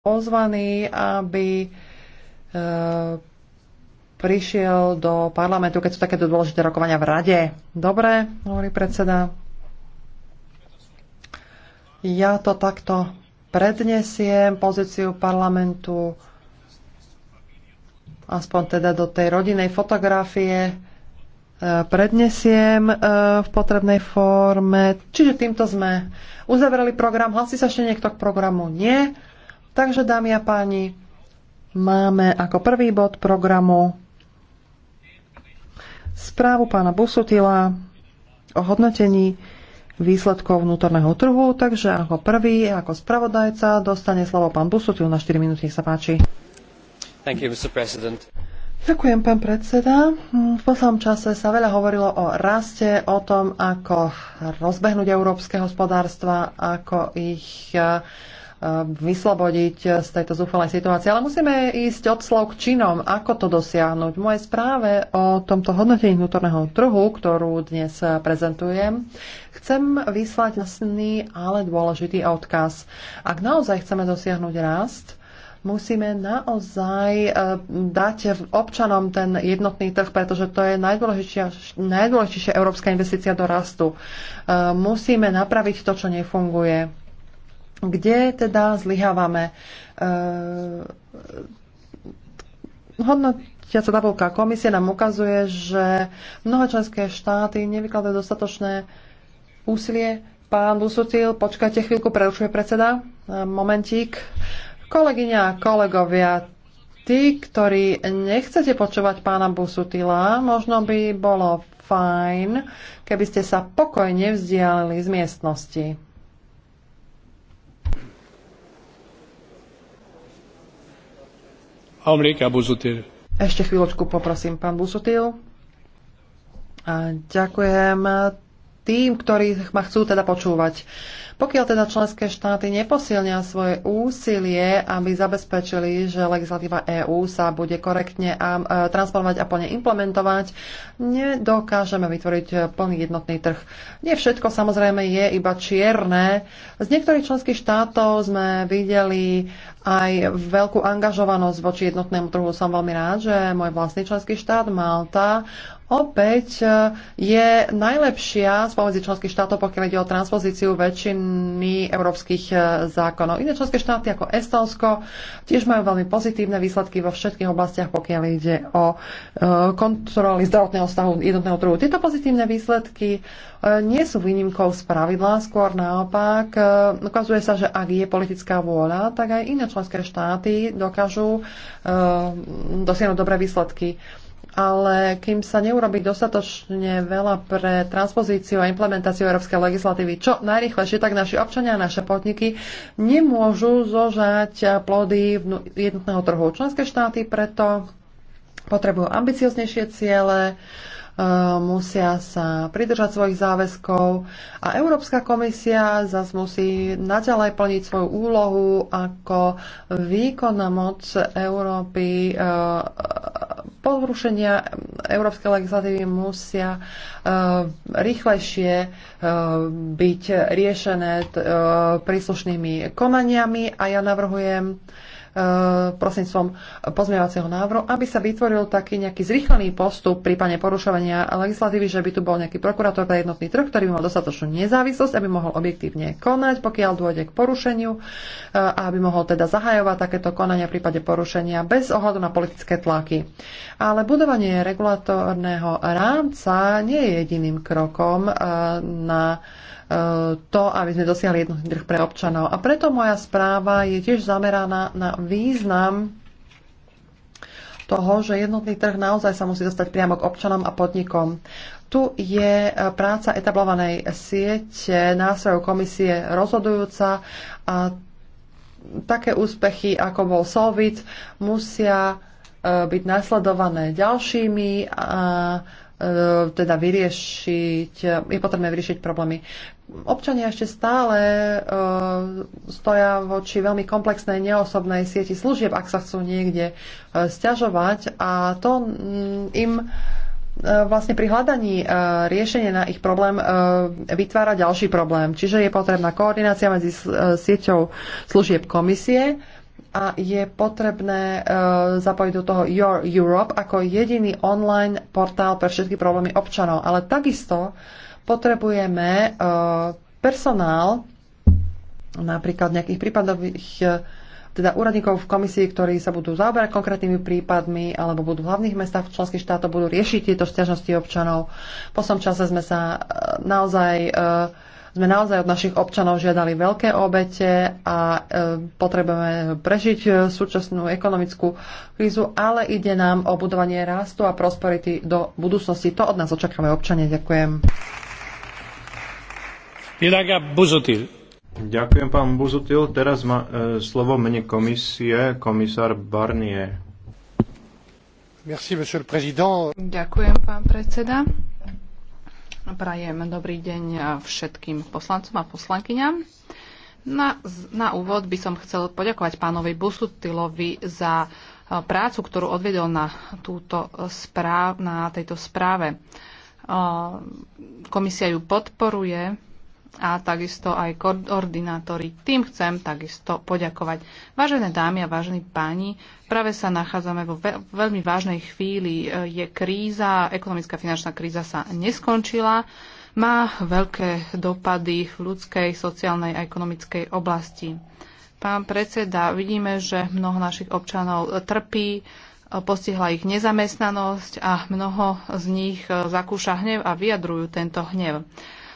pozvaný, aby e, prišiel do parlamentu, keď sú takéto dôležité rokovania v rade. Dobre, hovorí predseda. Ja to takto prednesiem, pozíciu parlamentu, aspoň teda do tej rodinnej fotografie, e, prednesiem e, v potrebnej forme. Čiže týmto sme uzavreli program. Hlasí sa ešte niekto k programu? Nie. Takže, dámy a páni, máme ako prvý bod programu správu pána Busutila o hodnotení výsledkov vnútorného trhu, takže ako prvý, ako spravodajca, dostane slovo pán Busutil na 4 minúty, nech sa páči. Thank you, Mr. President. Ďakujem, pán predseda. V poslednom čase sa veľa hovorilo o raste, o tom, ako rozbehnúť európske hospodárstva, ako ich Eh, vyslobodiť z tejto zúfalej situácie. Ale musíme ísť od slov k činom, ako to dosiahnuť. V mojej správe o tomto hodnotení vnútorného trhu, ktorú dnes prezentujem, chcem vyslať jasný, ale dôležitý odkaz. Ak naozaj chceme dosiahnuť rast, musíme naozaj eh, dať občanom ten jednotný trh, pretože to je najdôležitejšia, najdôležitejšia európska investícia do rastu. Eh, musíme napraviť to, čo nefunguje kde teda zlyhávame. sa eh, tabulka komisie nám ukazuje, že mnohé členské štáty nevykladajú dostatočné úsilie. Pán Busutil, počkajte chvíľku, prerušuje predseda. Eh, momentík. Kolegyňa a kolegovia, tí, ktorí nechcete počúvať pána Busutila, možno by bolo fajn, keby ste sa pokojne vzdialili z miestnosti. Ešte chvíľočku poprosím, pán Busutil. A ďakujem tým, ktorí ma chcú teda počúvať. Pokiaľ teda členské štáty neposilnia svoje úsilie, aby zabezpečili, že legislatíva EÚ sa bude korektne a, e, transformovať a plne implementovať, nedokážeme vytvoriť e, plný jednotný trh. Nie všetko samozrejme je iba čierne. Z niektorých členských štátov sme videli aj veľkú angažovanosť voči jednotnému trhu. Som veľmi rád, že môj vlastný členský štát Malta opäť e, je najlepšia spomedzi členských štátov, pokiaľ ide o transpozíciu väčšiny európskych e, zákonov. Iné členské štáty ako Estonsko tiež majú veľmi pozitívne výsledky vo všetkých oblastiach, pokiaľ ide o e, kontroly zdravotného stavu jednotného trhu. Tieto pozitívne výsledky nie sú výnimkou z pravidla, skôr naopak. Ukazuje sa, že ak je politická vôľa, tak aj iné členské štáty dokážu dosiahnuť dobré výsledky ale kým sa neurobi dostatočne veľa pre transpozíciu a implementáciu európskej legislatívy, čo najrychlejšie, tak naši občania a naše podniky nemôžu zožať plody jednotného trhu. Členské štáty preto potrebujú ambicioznejšie ciele, E, musia sa pridržať svojich záväzkov a Európska komisia zase musí naďalej plniť svoju úlohu ako výkonná moc Európy. E, porušenia európskej legislatívy musia e, rýchlejšie byť riešené príslušnými konaniami a ja navrhujem Eh, prosencom pozmeňovacieho návrhu, aby sa vytvoril taký nejaký zrýchlený postup v prípade porušovania legislatívy, že by tu bol nejaký prokurátor pre jednotný trh, ktorý by mal dostatočnú nezávislosť, aby mohol objektívne konať, pokiaľ dôjde k porušeniu eh, a aby mohol teda zahajovať takéto konania v prípade porušenia bez ohľadu na politické tlaky. Ale budovanie regulatórneho rámca nie je jediným krokom eh, na to, aby sme dosiahli jednotný trh pre občanov. A preto moja správa je tiež zameraná na význam toho, že jednotný trh naozaj sa musí dostať priamo k občanom a podnikom. Tu je e, práca etablovanej siete nástrojov komisie rozhodujúca a také úspechy, ako bol Solvit, musia e, byť nasledované ďalšími a e, teda vyriešiť, je potrebné vyriešiť problémy. Občania ešte stále eh, stoja voči veľmi komplexnej neosobnej sieti služieb, ak sa chcú niekde eh, sťažovať a to mm, im eh, vlastne pri hľadaní riešenia na ich problém vytvára ďalší problém. Čiže je potrebná koordinácia medzi sieťou služieb komisie a je potrebné zapojiť do toho Your Europe ako jediný online portál pre všetky problémy občanov. Ale takisto potrebujeme e, personál, napríklad nejakých prípadových e, teda úradníkov v komisii, ktorí sa budú zaoberať konkrétnymi prípadmi alebo budú v hlavných mestách v členských štátoch budú riešiť tieto stiažnosti občanov. Po som čase sme sa e, naozaj sme naozaj od našich občanov žiadali veľké obete a potrebujeme prežiť súčasnú ekonomickú krízu, ale ide nám o budovanie rastu a prosperity do budúcnosti. To od nás očakávajú občania. Ďakujem. Ďakujem, pán Buzutil. Teraz má e, slovo mene komisie komisár Barnier. Merci, monsieur le président. Ďakujem, pán predseda. Prajem dobrý deň všetkým poslancom a poslankyňam. Na, na úvod by som chcel poďakovať pánovi Busutilovi za e, prácu, ktorú odvedol na, túto správ, na tejto správe. E, komisia ju podporuje a takisto aj koordinátori. Tým chcem takisto poďakovať. Vážené dámy a vážení páni, práve sa nachádzame vo veľmi vážnej chvíli. Je kríza, ekonomická finančná kríza sa neskončila. Má veľké dopady v ľudskej, sociálnej a ekonomickej oblasti. Pán predseda, vidíme, že mnoho našich občanov trpí, postihla ich nezamestnanosť a mnoho z nich zakúša hnev a vyjadrujú tento hnev.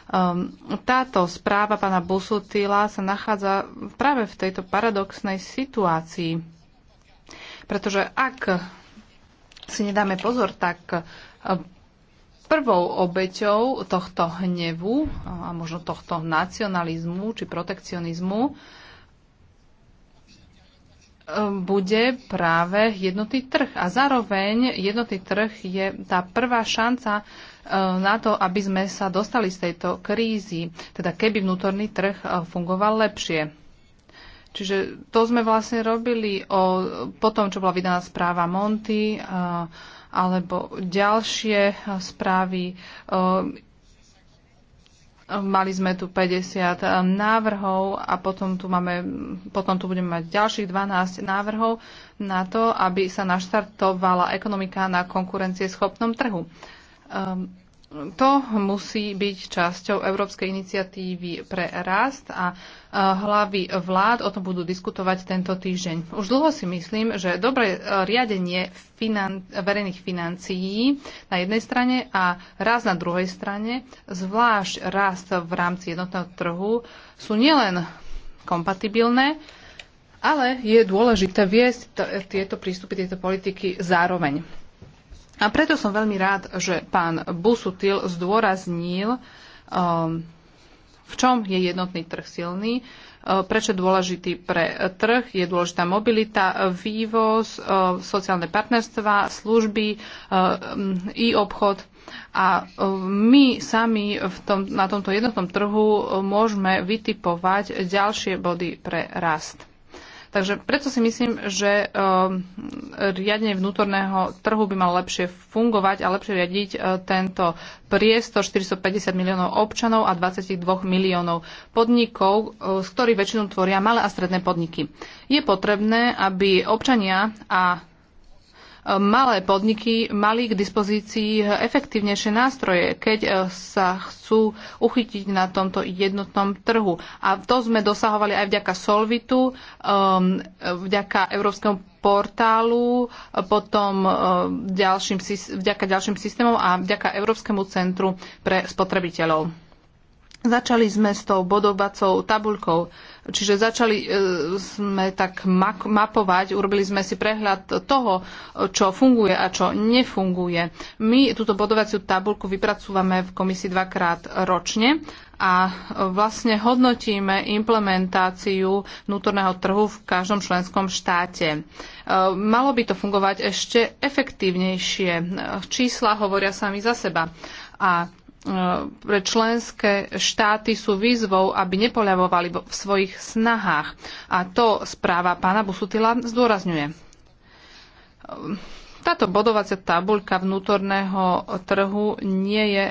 Ehm, táto správa pána Busutila sa nachádza práve v tejto paradoxnej situácii. Pretože ak si nedáme pozor, tak ehm, prvou obeťou tohto hnevu a možno tohto nacionalizmu či protekcionizmu ehm, bude práve jednotný trh. A zároveň jednotný trh je tá prvá šanca na to, aby sme sa dostali z tejto krízy, teda keby vnútorný trh eh, fungoval lepšie. Čiže to sme vlastne robili o, po tom, čo bola vydaná správa Monty eh, alebo ďalšie eh, správy. Mali sme tu 50 návrhov a potom tu, máme, potom tu budeme mať ďalších 12 návrhov na to, aby sa naštartovala ekonomika na konkurencieschopnom trhu. Ehm, to musí byť časťou Európskej iniciatívy pre rast a eh, hlavy vlád o tom budú diskutovať tento týždeň. Už dlho si myslím, že dobré eh, riadenie finan- verejných financií na jednej strane a rast na druhej strane, zvlášť rast v rámci jednotného trhu, sú nielen kompatibilné, ale je dôležité viesť tieto prístupy, tieto politiky zároveň. A preto som veľmi rád, že pán Busutil zdôraznil, um, v čom je jednotný trh silný, uh, prečo je dôležitý pre trh, je dôležitá mobilita, vývoz, uh, sociálne partnerstva, služby, i uh, um, obchod. A my sami v tom, na tomto jednotnom trhu môžeme vytipovať ďalšie body pre rast. Takže preto si myslím, že ehm, riadenie vnútorného trhu by mal lepšie fungovať a lepšie riadiť e, tento priestor 450 miliónov občanov a 22 miliónov podnikov, e, z ktorých väčšinu tvoria malé a stredné podniky. Je potrebné, aby občania a malé podniky mali k dispozícii efektívnejšie nástroje, keď e, sa chcú uchytiť na tomto jednotnom trhu. A to sme dosahovali aj vďaka Solvitu, e, vďaka Európskemu portálu, e, potom ďalším, vďaka ďalším systémom a vďaka Európskemu centru pre spotrebiteľov. Začali sme s tou bodovacou tabuľkou, čiže začali e, sme tak mapovať, urobili sme si prehľad toho, čo funguje a čo nefunguje. My túto bodovaciu tabuľku vypracúvame v komisii dvakrát ročne a vlastne hodnotíme implementáciu vnútorného trhu v každom členskom štáte. E, malo by to fungovať ešte efektívnejšie. Čísla hovoria sami za seba. A E, pre členské štáty sú výzvou, aby nepoľavovali v svojich snahách. A to správa pána Busutila zdôrazňuje táto bodovacia tabuľka vnútorného trhu nie je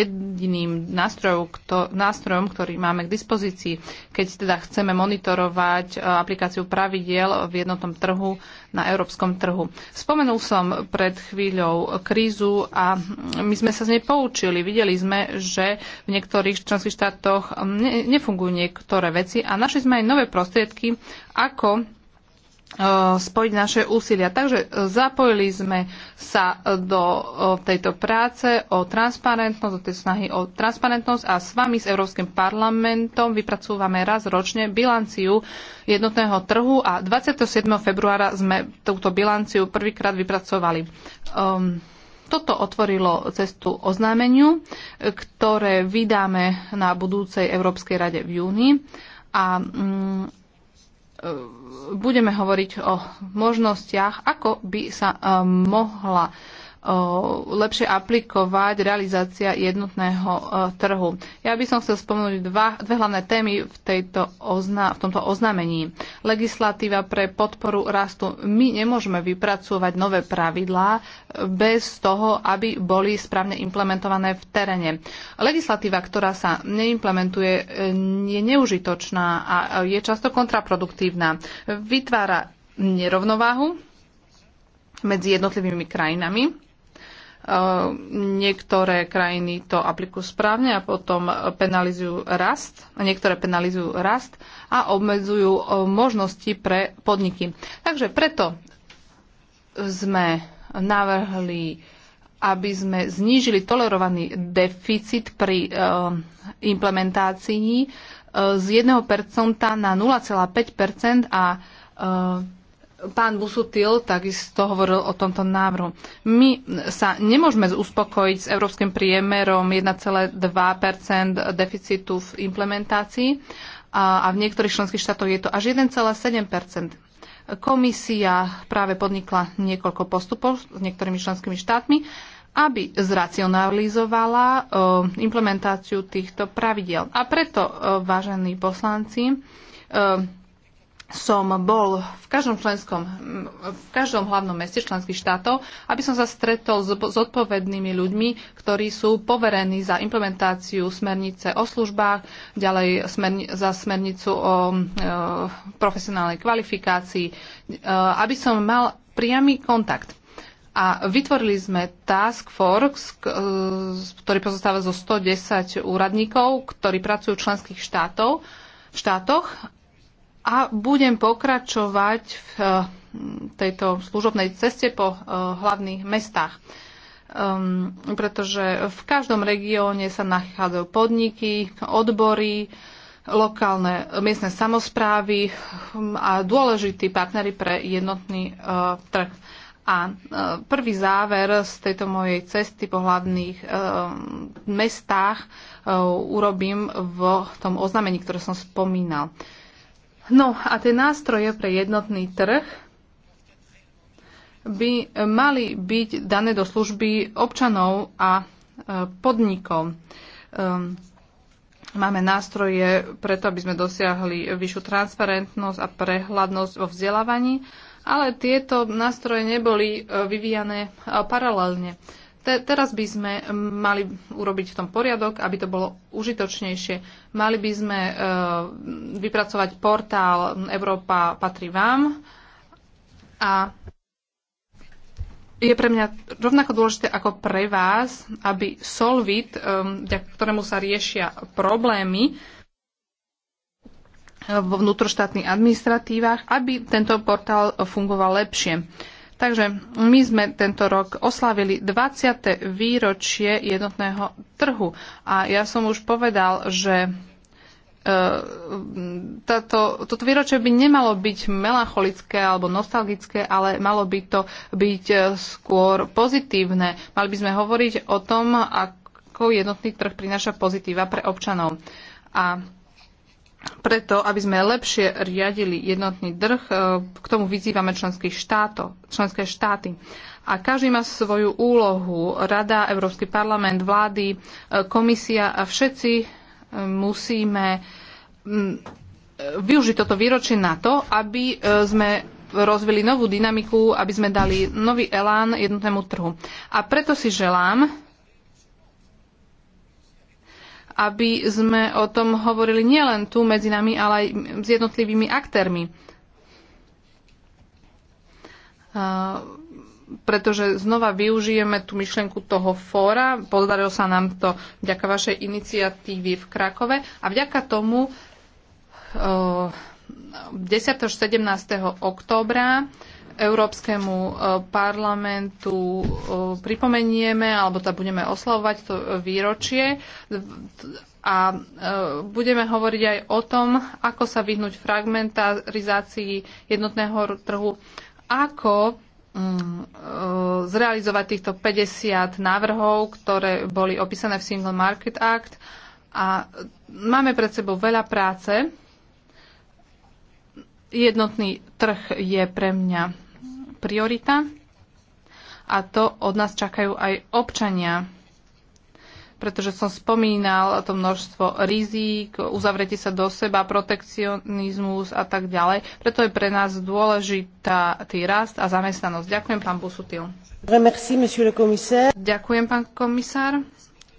jediným nástrojom, ktorý máme k dispozícii. Keď teda chceme monitorovať e, aplikáciu pravidiel v jednotnom trhu na európskom trhu. Spomenul som pred chvíľou krízu a my sme sa z nej poučili. Videli sme, že v niektorých členských štátoch nefungujú niektoré veci a našli sme aj nové prostriedky, ako E, spojiť naše úsilia. Takže e, zapojili sme sa e, do tejto práce o transparentnosť, do tej snahy o transparentnosť a s vami, s Európskym parlamentom, vypracúvame raz ročne bilanciu jednotného trhu a 27. februára sme túto bilanciu prvýkrát vypracovali. Um, toto otvorilo cestu oznámeniu, ktoré vydáme na budúcej Európskej rade v júni a um, budeme hovoriť o možnostiach, ako by sa eh, mohla lepšie aplikovať realizácia jednotného trhu. Ja by som chcel spomenúť dva, dve hlavné témy v, tejto ozna, v tomto oznámení. Legislatíva pre podporu rastu. My nemôžeme vypracovať nové pravidlá e, bez toho, aby boli správne implementované v teréne. Legislatíva, ktorá sa neimplementuje, e, je neužitočná a je často kontraproduktívna. Vytvára nerovnováhu medzi jednotlivými krajinami Niektoré krajiny to aplikujú správne a potom penalizujú rast, niektoré penalizujú rast a obmedzujú eh, možnosti pre podniky. Takže preto sme navrhli aby sme znížili tolerovaný deficit pri eh, implementácii eh, z 1% na 0,5% a Pán Busutil takisto hovoril o tomto návrhu. My sa nemôžeme uspokojiť s európskym priemerom 1,2 deficitu v implementácii a v niektorých členských štátoch je to až 1,7 Komisia práve podnikla niekoľko postupov s niektorými členskými štátmi, aby zracionalizovala e, implementáciu týchto pravidiel. A preto, e, vážení poslanci, e, som bol v každom členskom, v každom hlavnom meste členských štátov, aby som sa stretol s, s odpovednými ľuďmi, ktorí sú poverení za implementáciu smernice o službách, ďalej smerni, za smernicu o e, profesionálnej kvalifikácii, e, aby som mal priamy kontakt. A vytvorili sme task force, e, ktorý pozostáva zo 110 úradníkov, ktorí pracujú v členských štátov, štátoch a budem pokračovať v eh, tejto služobnej ceste po eh, hlavných mestách. Um, pretože v každom regióne sa nachádzajú podniky, odbory, lokálne miestne samozprávy ehm, a dôležití partnery pre jednotný uh, trh. A uh, prvý záver z tejto mojej cesty po hlavných uh, mestách uh, urobím v tom oznámení, ktoré som spomínal. Uh, No a tie nástroje pre jednotný trh by mali byť dané do služby občanov a e, podnikov. Ehm, máme nástroje preto, aby sme dosiahli vyššiu transparentnosť a prehľadnosť vo vzdelávaní, ale tieto nástroje neboli e, vyvíjane e, paralelne. Te, teraz by sme mali urobiť v tom poriadok, aby to bolo užitočnejšie. Mali by sme e, vypracovať portál Európa patrí vám a je pre mňa rovnako dôležité ako pre vás, aby Solvit, e, ktorému sa riešia problémy e, vo vnútroštátnych administratívach, aby tento portál fungoval lepšie. Takže my sme tento rok oslavili 20. výročie jednotného trhu a ja som už povedal, že e, táto, toto výročie by nemalo byť melancholické alebo nostalgické, ale malo by to byť e, skôr pozitívne. Mali by sme hovoriť o tom, ako jednotný trh prináša pozitíva pre občanov. A preto, aby sme lepšie riadili jednotný trh, e, k tomu vyzývame štáto, členské štáty. A každý má svoju úlohu. Rada, Európsky parlament, vlády, e, komisia a všetci e, musíme využiť toto výročie na to, aby sme rozvili novú dynamiku, aby sme dali nový elán jednotnému trhu. A preto si želám, aby sme o tom hovorili nielen tu medzi nami, ale aj s jednotlivými aktérmi. Pretože znova využijeme tú myšlienku toho fóra. Podarilo sa nám to vďaka vašej iniciatívy v Krakove a vďaka tomu 10. až 17. októbra Európskemu e, parlamentu e, pripomenieme, alebo tá teda budeme oslavovať to e, výročie a budeme hovoriť aj o tom, ako sa vyhnúť fragmentarizácii jednotného trhu, ako mm, zrealizovať týchto 50 návrhov, ktoré boli opísané v Single Market Act. A máme pred sebou veľa práce. Jednotný trh je pre mňa priorita a to od nás čakajú aj občania pretože som spomínal to množstvo rizík, uzavretie sa do seba, protekcionizmus a tak ďalej. Preto je pre nás dôležitá tý rast a zamestnanosť. Ďakujem, pán Busutil. Ďakujem, pán komisár.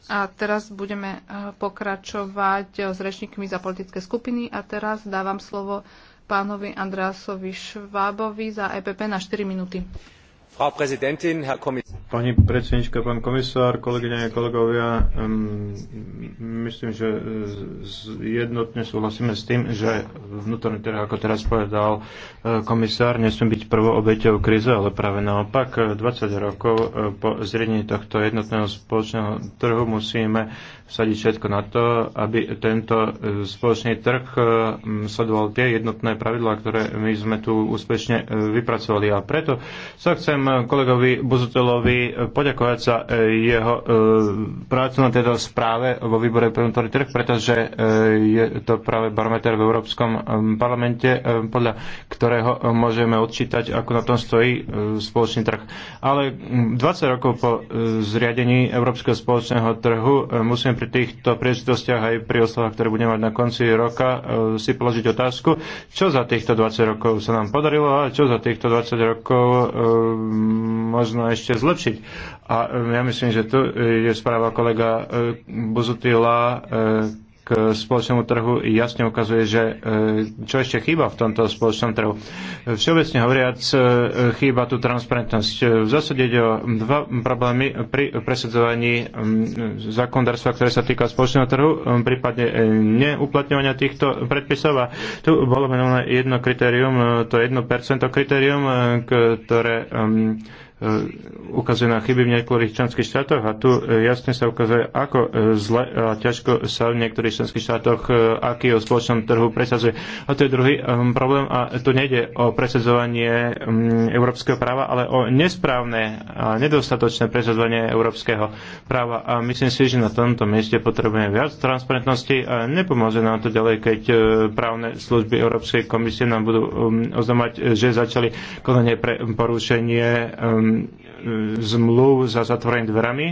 A teraz budeme eh, pokračovať eh, s rečníkmi za politické skupiny. A teraz dávam slovo pánovi Andrásovi Švábovi za EPP na 4 minúty. Pani predsednička, pán komisár, kolegyne a kolegovia, myslím, že jednotne súhlasíme s tým, že vnútorný trh, ako teraz povedal e, komisár, nesmie byť prvou obeťou krize, ale práve naopak 20 e, rokov e, po zriadení tohto jednotného spoločného trhu musíme vsadiť všetko na to, aby tento spoločný trh sledoval tie jednotné pravidlá, ktoré my sme tu úspešne vypracovali. A preto sa chcem kolegovi Buzutelovi poďakovať za e, jeho e, prácu na tejto správe vo výbore pre vnútorný trh, pretože e, je to práve barometer v Európskom parlamente, podľa ktorého môžeme odčítať, ako na tom stojí spoločný trh. Ale 20 rokov po zriadení Európskeho spoločného trhu musíme pri týchto príležitostiach aj pri oslavách, ktoré budeme mať na konci roka, si položiť otázku, čo za týchto 20 rokov sa nám podarilo a čo za týchto 20 rokov možno ešte zlepšiť. A ja myslím, že tu je správa kolega eh, Buzutila, eh, k spoločnému trhu jasne ukazuje, že e, čo ešte chýba v tomto spoločnom trhu. Všeobecne hovoriac, e, chýba tu transparentnosť. E, v zásade ide o dva problémy pri presadzovaní zákonodárstva, ktoré sa týka spoločného trhu, prípadne neuplatňovania týchto predpisov. A tu bolo menované jedno kritérium, to 1% kritérium, ktoré E, ukazuje na chyby v niektorých členských štátoch a tu e, jasne sa ukazuje, ako e, zle a ťažko sa v niektorých členských štátoch aký o spoločnom trhu presadzuje. A to je druhý problém a tu nejde o presadzovanie európskeho práva, ale o nesprávne a nedostatočné presadzovanie európskeho práva a myslím si, že na tomto mieste potrebujeme viac transparentnosti a nepomôže nám to ďalej, keď právne služby Európskej komisie nám budú oznamať, že začali konanie pre porušenie E, zmluv za zatvorenými dverami,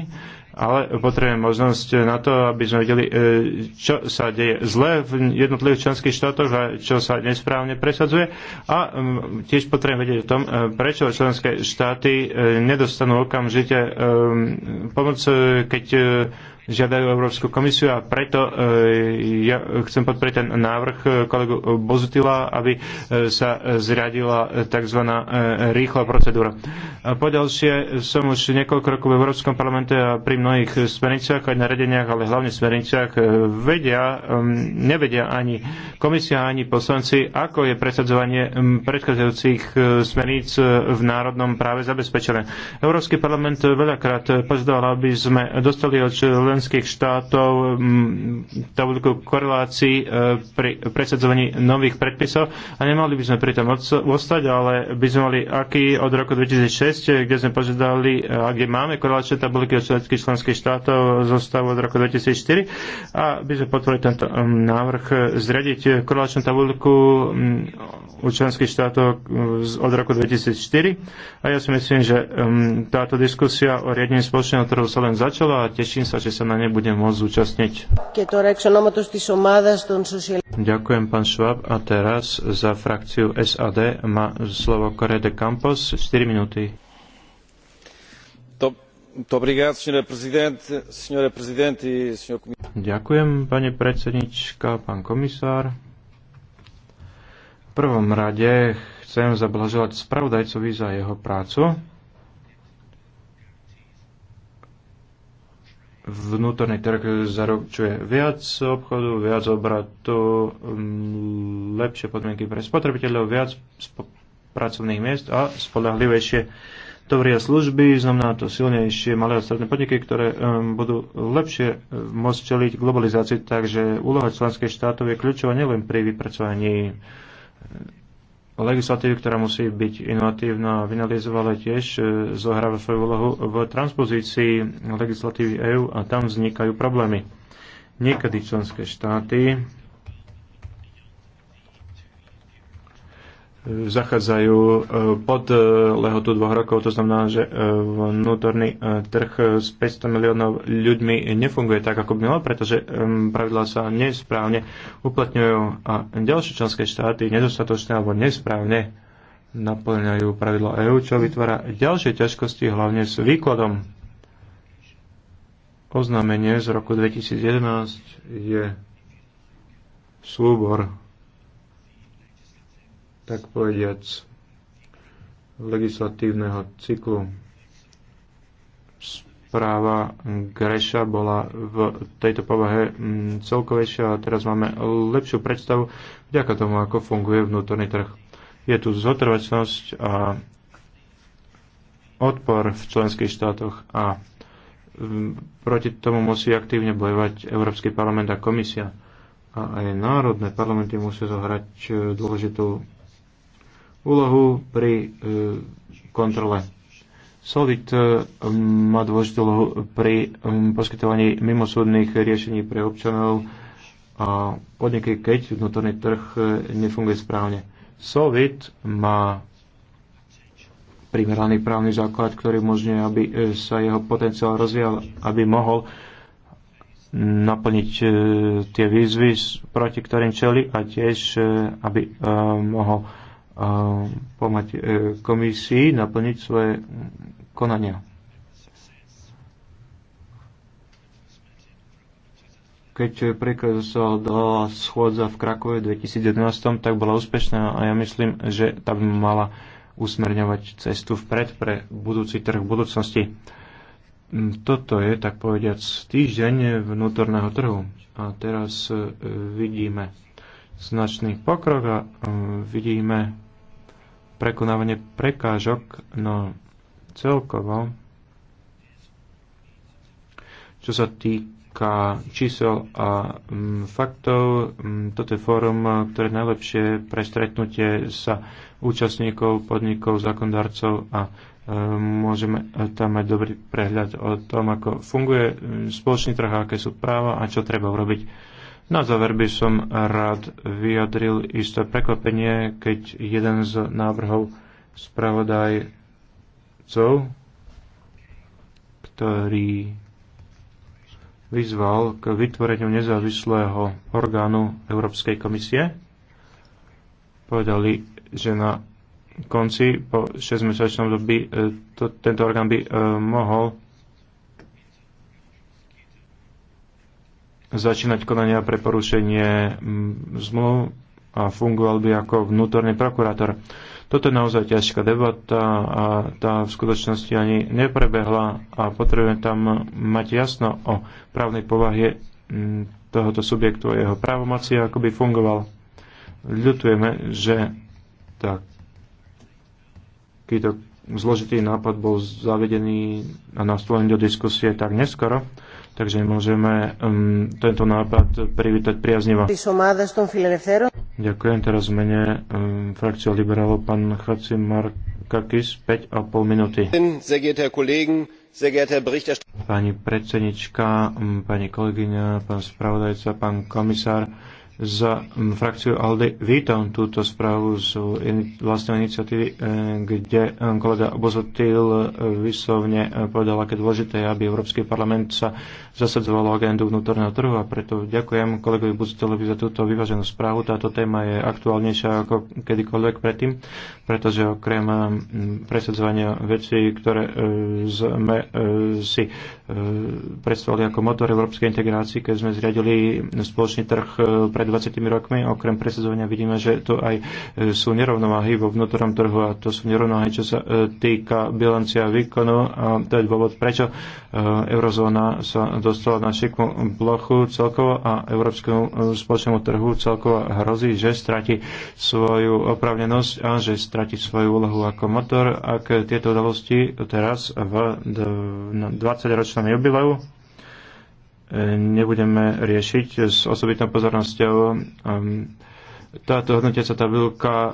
ale potrebujeme možnosť na to, aby sme videli, e, čo sa deje zle v jednotlivých členských štátoch a čo sa nesprávne presadzuje. A tiež potrebujeme vedieť o tom, e, prečo členské štáty nedostanú okamžite pomoc, keď žiadajú Európsku komisiu a preto e, ja chcem podporiť ten návrh e, kolegu Bozutila, aby e, sa zriadila tzv. rýchla procedúra. poďalšie som už niekoľko rokov v Európskom parlamente a pri mnohých smerniciach, aj na radeniach, ale hlavne smerniciach vedia, nevedia ani komisia, ani poslanci, ako je presadzovanie predchádzajúcich smerníc v národnom práve zabezpečené. Európsky parlament veľakrát požadoval, aby sme dostali od člen členských štátov tabuľku korelácií e, pri presadzovaní nových predpisov a nemali by sme pri tom ostať, ale by sme mali aký od roku 2006, e, kde sme požiadali, a kde máme korelačné tabulky od členských členských štátov zostavu od roku 2004 a by sme potvorili tento návrh e, zrediť korelačnú tabulku u členských štátov od roku 2004 a ja si myslím, že táto diskusia o riadení spoločného trhu sa len začala a teším sa, že sa sa na ne budem môcť zúčastniť. Ďakujem, pán Schwab. A teraz za frakciu SAD má slovo Corre de Campos. 4 minúty. Ďakujem, pani predsednička, pán komisár. V prvom rade chcem zablažovať spravodajcovi za jeho prácu vnútorný trh zaručuje viac obchodu, viac obratu, mm, lepšie podmienky pre spotrebiteľov, viac sp- pracovných miest a spolahlivejšie tovria služby, znamená to silnejšie malé a stredné podniky, ktoré um, budú lepšie môcť čeliť globalizácii, takže úloha členských štátov je kľúčová nielen pri vypracovaní legislatívy, ktorá musí byť inovatívna a vynalizovala tiež e, zohráva svoju úlohu v transpozícii legislatívy EÚ a tam vznikajú problémy. Niekedy členské štáty zachádzajú e, pod e, lehotu dvoch rokov. To znamená, že e, vnútorný trh s 500 miliónov ľuďmi nefunguje tak, ako by mal, pretože pravidlá sa nesprávne uplatňujú a ďalšie členské štáty nedostatočne alebo nesprávne naplňajú pravidla EÚ, čo vytvára ďalšie ťažkosti hlavne s výkladom. Oznámenie z roku 2011 je súbor tak povediac, legislatívneho cyklu. Správa Greša bola v tejto povahe mm, celkovejšia a teraz máme lepšiu predstavu vďaka tomu, ako funguje vnútorný trh. Je tu zotrvačnosť a odpor v členských štátoch a mm, proti tomu musí aktívne bojovať Európsky parlament a komisia. A aj národné parlamenty musia zohrať eh, dôležitú úlohu pri e, kontrole. Solid e, má dôležitú úlohu pri e, poskytovaní mimosúdnych riešení pre občanov a podniky, keď vnútorný trh nefunguje správne. Solid má primeraný právny základ, ktorý umožňuje, aby sa jeho potenciál rozvíjal, aby mohol naplniť tie výzvy, proti ktorým čeli a tiež, aby mohol pomať e, komisii naplniť svoje konania. Keď sa dala schôdza v Krakove v 2011, tak bola úspešná a ja myslím, že tam by mala usmerňovať cestu vpred pre budúci trh v budúcnosti. Mm, toto je, tak povediac, týždeň vnútorného trhu. A teraz e, vidíme značný pokrok a e, vidíme prekonávanie prekážok, no celkovo, čo sa týka čísel a faktov, toto je fórum, ktoré je najlepšie pre stretnutie sa účastníkov, podnikov, zákondarcov a e, môžeme tam mať dobrý prehľad o tom, ako funguje spoločný trh, aké sú práva a čo treba urobiť na záver by som rád vyjadril isté prekvapenie, keď jeden z návrhov spravodajcov, ktorý vyzval k vytvoreniu nezávislého orgánu Európskej komisie. Povedali, že na konci, po 6-mesačnom dobi, e, to, tento orgán by e, mohol začínať konania pre porušenie mm, zmluv a fungoval by ako vnútorný prokurátor. Toto je naozaj ťažká debata a tá v skutočnosti ani neprebehla a potrebujeme tam mať jasno o právnej povahe mm, tohoto subjektu a jeho právomoci, ako by fungoval. Ľutujeme, že takýto zložitý nápad bol zavedený a nastolený do diskusie tak neskoro takže môžeme um, tento nápad privítať priaznivo. Ďakujem teraz mene um, frakcia liberálov pán Chaci Markakis 5,5 minúty. Pani predsednička, um, pani kolegyňa, pán spravodajca, pán komisár, za frakciu ALDE vítam túto správu z vlastnej iniciatívy, eh, kde eh, kolega Bozotil eh, vyslovne povedal, aké dôležité je, aby Európsky parlament sa zasadzoval agendu vnútorného trhu a preto ďakujem kolegovi Bozotilovi za túto vyváženú správu. Táto téma je aktuálnejšia ako kedykoľvek predtým, pretože okrem presadzovania vecí, ktoré sme si predstavili ako motor európskej integrácii, keď sme zriadili spoločný trh pre pred 20 rokmi. Okrem presadzovania vidíme, že tu aj e, sú nerovnováhy vo vnútornom trhu a to sú nerovnováhy, čo sa e, týka bilancia výkonu. A to je dôvod, prečo e, eurozóna sa dostala na šikmú plochu celkovo a európskemu spoločnému trhu celkovo hrozí, že strati svoju opravnenosť a že strati svoju úlohu ako motor, ak tieto udalosti teraz v 20-ročnom jubileu nebudeme riešiť s osobitnou pozornosťou. Um, táto hodnotiaca tabulka uh,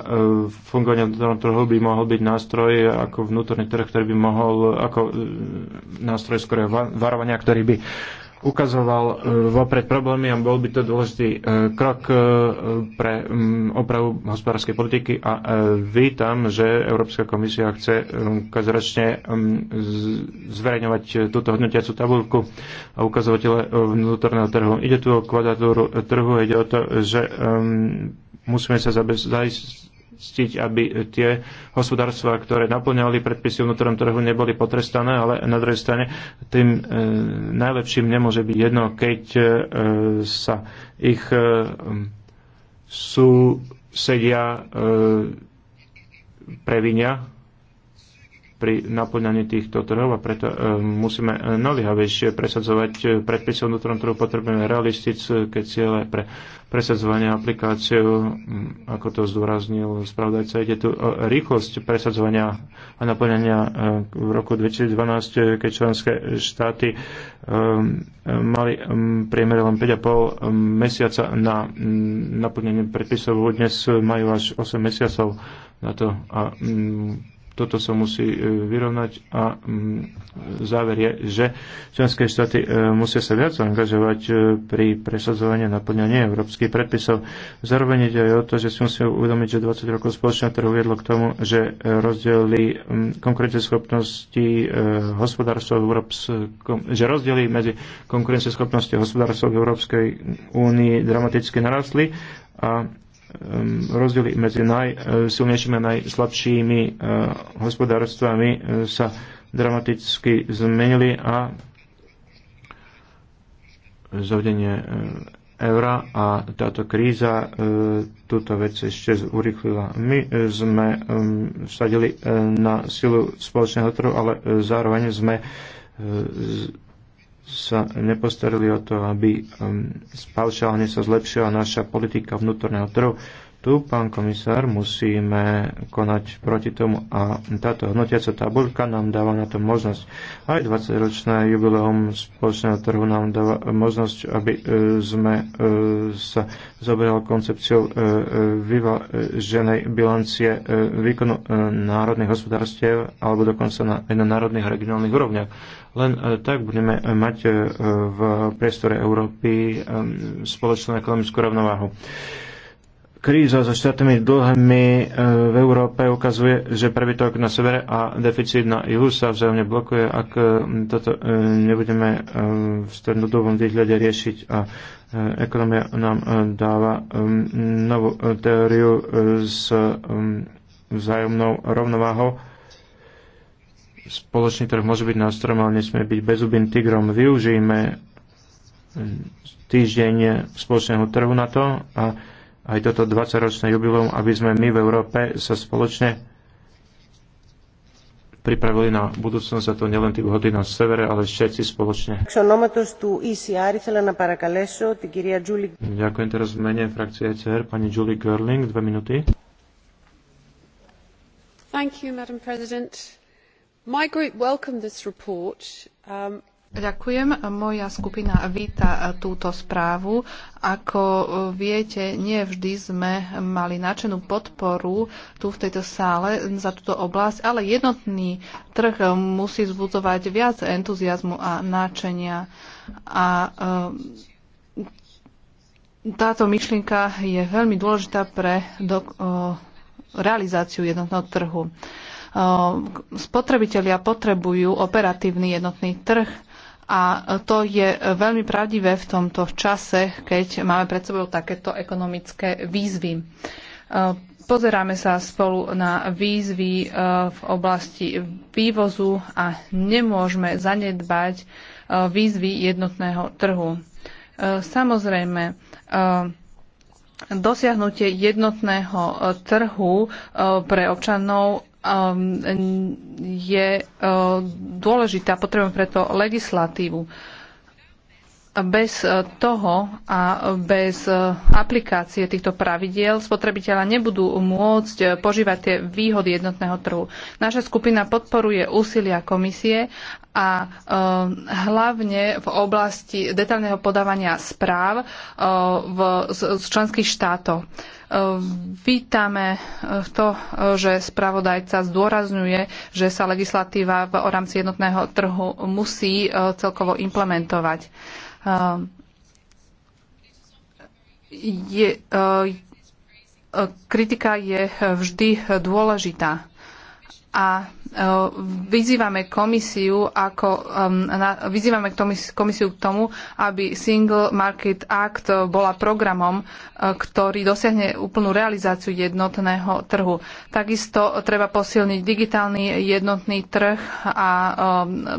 fungovania vnútorného trhu by mohol byť nástroj ako vnútorný trh, ktorý by mohol ako uh, nástroj skoro varovania, ktorý by ukazoval e, vopred problémy a bol by to dôležitý e, krok e, pre opravu hospodárskej politiky a vítam, že Európska komisia chce každoročne zverejňovať túto hodnotiacu tabulku a ukazovateľe vnútorného trhu. Ide tu o kvadratúru trhu, ide o to, že musíme sa zaist ctiť, aby tie hospodárstva, ktoré naplňali predpisy vnútornom trhu, neboli potrestané, ale na druhej strane tým e, najlepším nemôže byť jedno, keď e, sa ich e, sú sedia previnia pri naplňaní týchto trhov a preto e, musíme e, naliehavejšie presadzovať e, predpisy o trhu. Potrebujeme realistické ciele pre presadzovanie aplikáciu, ako to zdôraznil spravodajca. Ide tu o rýchlosť presadzovania a naplňania v roku 2012, keď členské štáty mali priemer len 5,5 mesiaca na naplnenie predpisov. Dnes majú až 8 mesiacov na to a toto sa musí e, vyrovnať a mm, záver je, že členské štáty e, musia sa viac angažovať e, pri presadzovaní a naplňaní európskych predpisov. Zároveň ide aj o to, že si musíme uvedomiť, že 20 rokov spoločného trhu viedlo k tomu, že rozdiely mm, konkurencieschopnosti hospodárstva v Európskom, že rozdiely medzi konkurencieschopnosti hospodárstva v Európskej únii dramaticky narastli a Ehm, rozdiely medzi najsilnejšími a najslabšími eh, hospodárstvami eh, sa dramaticky zmenili a zavdenie eh, eura a táto kríza túto vec ešte urychlila. My sme ehm, sadili na silu spoločného trhu, ale zároveň sme sa nepostarili o to, aby um, spalšálne sa zlepšila naša politika vnútorného trhu tu, pán komisár, musíme konať proti tomu a táto hodnotiaca tabuľka nám dáva na to možnosť. Aj 20-ročné jubileum spoločného trhu nám dáva možnosť, aby e, sme e, sa zoberali koncepciou e, vyváženej bilancie výkonu národných hospodárstiev alebo dokonca na, na národných a regionálnych úrovniach. Len tak budeme mať v priestore Európy spoločnú ekonomickú rovnováhu. Kríza so štátnymi dlhmi e, v Európe ukazuje, že prebytok na severe a deficit na juhu sa vzájomne blokuje, ak e, toto e, nebudeme v strednodobom výhľade riešiť a ekonomia nám dáva novú teóriu s vzájomnou rovnováhou. Spoločný trh môže byť nástrojom, ale nesmie byť bezubým tigrom. Využijme týždeň spoločného trhu na to a aj toto 20-ročné jubileum, aby sme my v Európe sa spoločne pripravili na budúcnosť a to nielen tí vhody na severe, ale všetci spoločne. E Ďakujem teraz v mene frakcie ECR pani Julie Gerling, dve minúty. Thank you, Madam President. My group welcomed this report. Um, Ďakujem. Moja skupina víta túto správu. Ako viete, nie vždy sme mali načenú podporu tu v tejto sále za túto oblasť, ale jednotný trh musí zbudzovať viac entuziasmu a náčenia. A e, táto myšlienka je veľmi dôležitá pre e, realizáciu jednotného trhu. E, spotrebitelia potrebujú operatívny jednotný trh, a to je veľmi pravdivé v tomto čase, keď máme pred sebou takéto ekonomické výzvy. E, pozeráme sa spolu na výzvy e, v oblasti vývozu a nemôžeme zanedbať e, výzvy jednotného trhu. Samozrejme, dosiahnutie jednotného trhu pre občanov Um, je uh, dôležitá, potrebujeme preto legislatívu. Bez uh, toho a bez uh, aplikácie týchto pravidiel spotrebiteľa nebudú môcť požívať tie výhody jednotného trhu. Naša skupina podporuje úsilia komisie a hlavne v oblasti detailného podávania správ v, z, členských štátov Vítame eh, to, že spravodajca zdôrazňuje, že sa legislatíva v rámci jednotného trhu musí eh, celkovo implementovať. Eh, je, kritika je vždy dôležitá a Eh, vyzývame komisiu, ako, vyzývame komisiu k tomu, aby Single Market Act bola programom, eh, ktorý dosiahne úplnú realizáciu jednotného trhu. Takisto treba posilniť digitálny jednotný trh a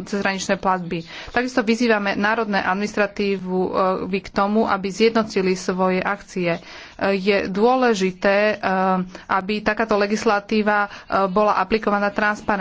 cezhraničné platby. Takisto vyzývame národné administratívy eh, k tomu, aby zjednotili svoje akcie je dôležité, aby takáto legislatíva bola aplikovaná transparentne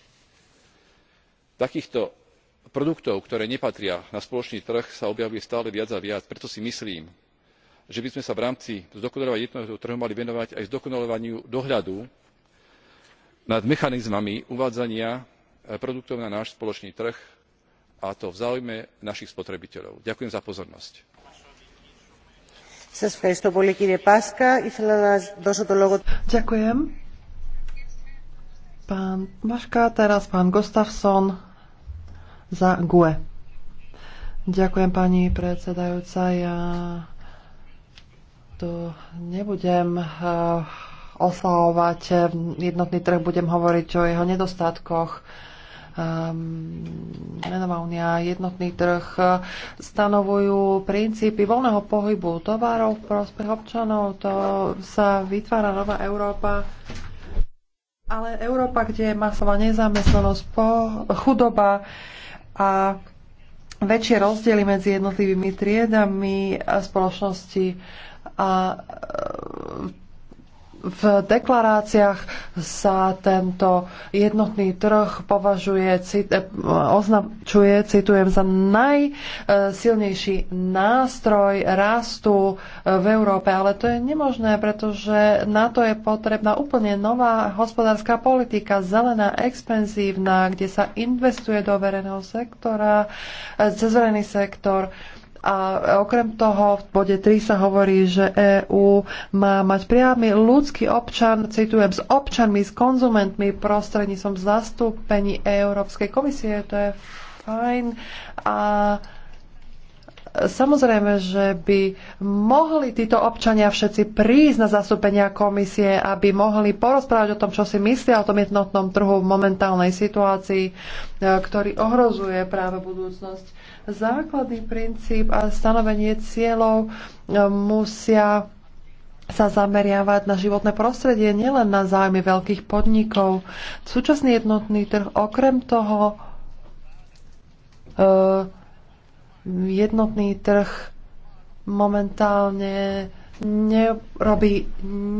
takýchto produktov ktoré nepatria na spoločný trh sa objavuje stále viac a viac preto si myslím že by sme sa v rámci zdokonaľovania jednotného trhu mali venovať aj zdokonaľovaniu dohľadu nad mechanizmami uvádzania eh, produktov na náš spoločný trh a to v záujme našich spotrebiteľov. ďakujem za pozornosť. Pán Maška, teraz pán za GUE. Ďakujem pani predsedajúca. Ja tu nebudem eh, oslavovať eh, jednotný trh, budem hovoriť o jeho nedostatkoch. Ehm, Menová únia, jednotný trh eh, stanovujú princípy voľného pohybu tovarov v prospech občanov. To sa vytvára nová Európa. Ale Európa, kde je masová nezamestnanosť, chudoba, a väčšie rozdiely medzi jednotlivými triedami a spoločnosti a v deklaráciách sa tento jednotný trh považuje, cit, eh, označuje, citujem, za najsilnejší nástroj rastu eh, v Európe, ale to je nemožné, pretože na to je potrebná úplne nová hospodárska politika, zelená, expenzívna, kde sa investuje do verejného sektora, eh, cez verejný sektor, a okrem toho v bode 3 sa hovorí, že EÚ má mať priamy ľudský občan, citujem, s občanmi, s konzumentmi prostredníctvom zastúpení Európskej komisie. To je fajn. A Samozrejme, že by mohli títo občania všetci prísť na zastúpenia komisie, aby mohli porozprávať o tom, čo si myslia o tom jednotnom trhu v momentálnej situácii, e, ktorý ohrozuje práve budúcnosť základný princíp a stanovenie cieľov um, musia sa zameriavať na životné prostredie, nielen na zájmy veľkých podnikov. Súčasný jednotný trh okrem toho uh, jednotný trh momentálne nerobí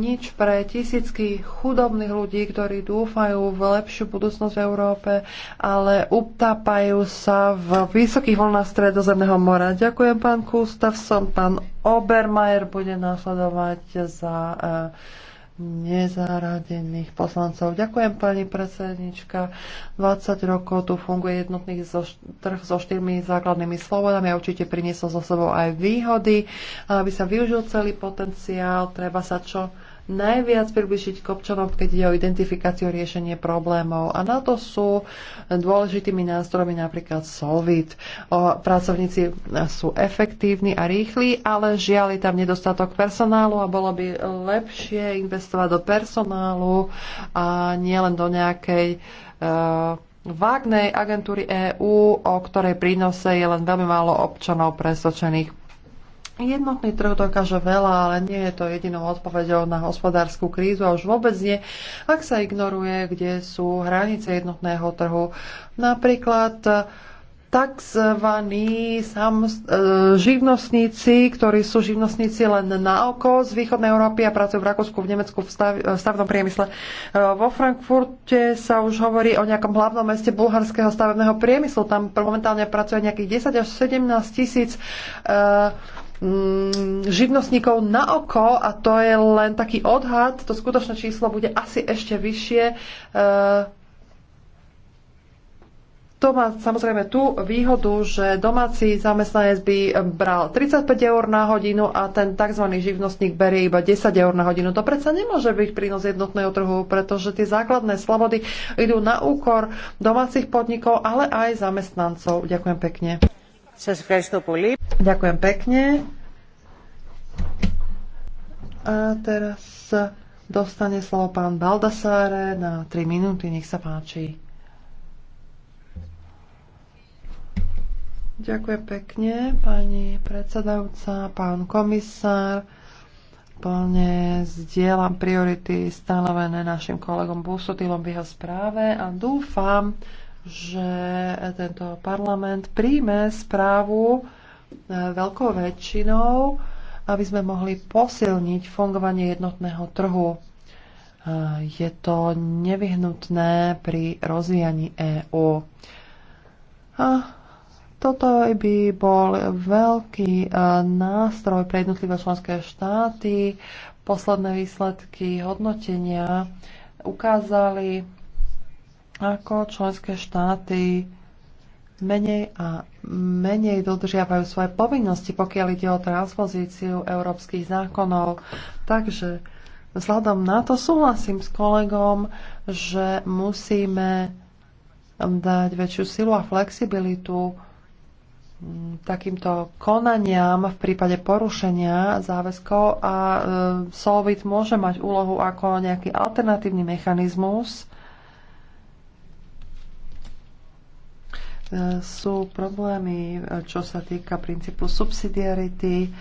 nič pre tisícky chudobných ľudí, ktorí dúfajú v lepšiu budúcnosť v Európe, ale utápajú sa v vysokých vlnách stredozemného mora. Ďakujem pán Kustavson, pán Obermajer bude následovať za eh, nezaradených poslancov. Ďakujem, pani predsednička. 20 rokov tu funguje jednotný zo, trh so štyrmi základnými slobodami a určite priniesol so sebou aj výhody. Aby sa využil celý potenciál, treba sa čo najviac približiť k občanom, keď ide o identifikáciu riešenie problémov. A na to sú dôležitými nástrojmi napríklad Solvit. O, pracovníci sú efektívni a rýchli, ale žiaľ je tam nedostatok personálu a bolo by lepšie investovať do personálu a nielen do nejakej uh, vágnej agentúry EÚ, o ktorej prínose je len veľmi málo občanov presvedčených. Jednotný trh dokáže veľa, ale nie je to jedinou odpoveďou na hospodárskú krízu a už vôbec nie, ak sa ignoruje, kde sú hranice jednotného trhu. Napríklad eh, takzvaní sam, e, živnostníci, ktorí sú živnostníci len na oko z východnej Európy a pracujú v Rakúsku, v Nemecku, v, stav, v eh, stavnom priemysle. E, vo Frankfurte sa už hovorí o nejakom hlavnom meste bulharského stavebného priemyslu. Tam momentálne pracuje nejakých 10 až 17 tisíc e, Mm, živnostníkov na oko a to je len taký odhad. To skutočné číslo bude asi ešte vyššie. E, to má samozrejme tú výhodu, že domáci zamestnanec by bral 35 eur na hodinu a ten tzv. živnostník berie iba 10 eur na hodinu. To predsa nemôže byť prínos jednotného trhu, pretože tie základné slobody idú na úkor domácich podnikov, ale aj zamestnancov. Ďakujem pekne. Ďakujem pekne. A teraz dostane slovo pán Baldasáre na 3 minúty. Nech sa páči. Ďakujem pekne, pani predsedajúca, pán komisár. Plne zdieľam priority stanovené našim kolegom Busotilom v jeho správe a dúfam, že tento parlament príjme správu e, veľkou väčšinou, aby sme mohli posilniť fungovanie jednotného trhu. E, je to nevyhnutné pri rozvíjaní EÚ. A toto by bol veľký e, nástroj pre jednotlivé členské štáty. Posledné výsledky hodnotenia ukázali, ako členské štáty menej a menej dodržiavajú svoje povinnosti, pokiaľ ide o transpozíciu európskych zákonov. Takže vzhľadom na to súhlasím s kolegom, že musíme dať väčšiu silu a flexibilitu takýmto konaniam v prípade porušenia záväzkov a e, Solvit môže mať úlohu ako nejaký alternatívny mechanizmus, E, sú problémy, e, čo sa týka princípu subsidiarity,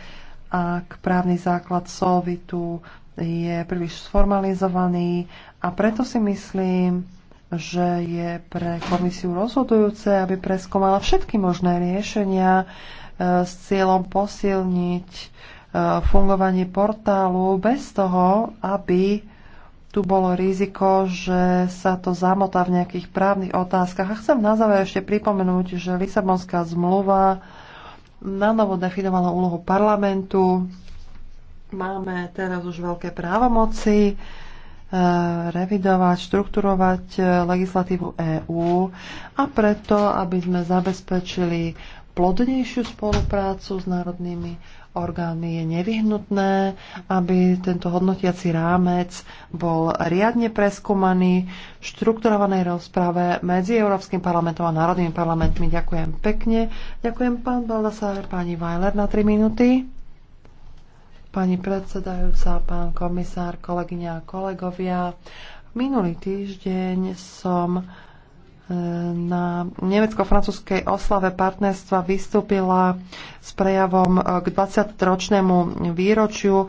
ak právny základ solvitu je príliš sformalizovaný a preto si myslím, že je pre komisiu rozhodujúce, aby preskomala všetky možné riešenia e, s cieľom posilniť fungovanie portálu bez toho, aby tu bolo riziko, že sa to zamotá v nejakých právnych otázkach. A chcem na záver ešte pripomenúť, že Lisabonská zmluva na novo definovala úlohu parlamentu. Máme teraz už veľké právomoci eh, revidovať, štrukturovať eh, legislatívu EÚ a preto, aby sme zabezpečili plodnejšiu spoluprácu s národnými orgány je nevyhnutné, aby tento hodnotiaci rámec bol riadne preskúmaný v štrukturovanej rozprave medzi Európskym parlamentom a národnými parlamentmi. Ďakujem pekne. Ďakujem pán Baldasár, pani Weiler na 3 minúty. Pani predsedajúca, pán komisár, kolegyňa a kolegovia, minulý týždeň som na nemecko-francúzskej oslave partnerstva vystúpila s prejavom eh, k 20-ročnému výročiu eh,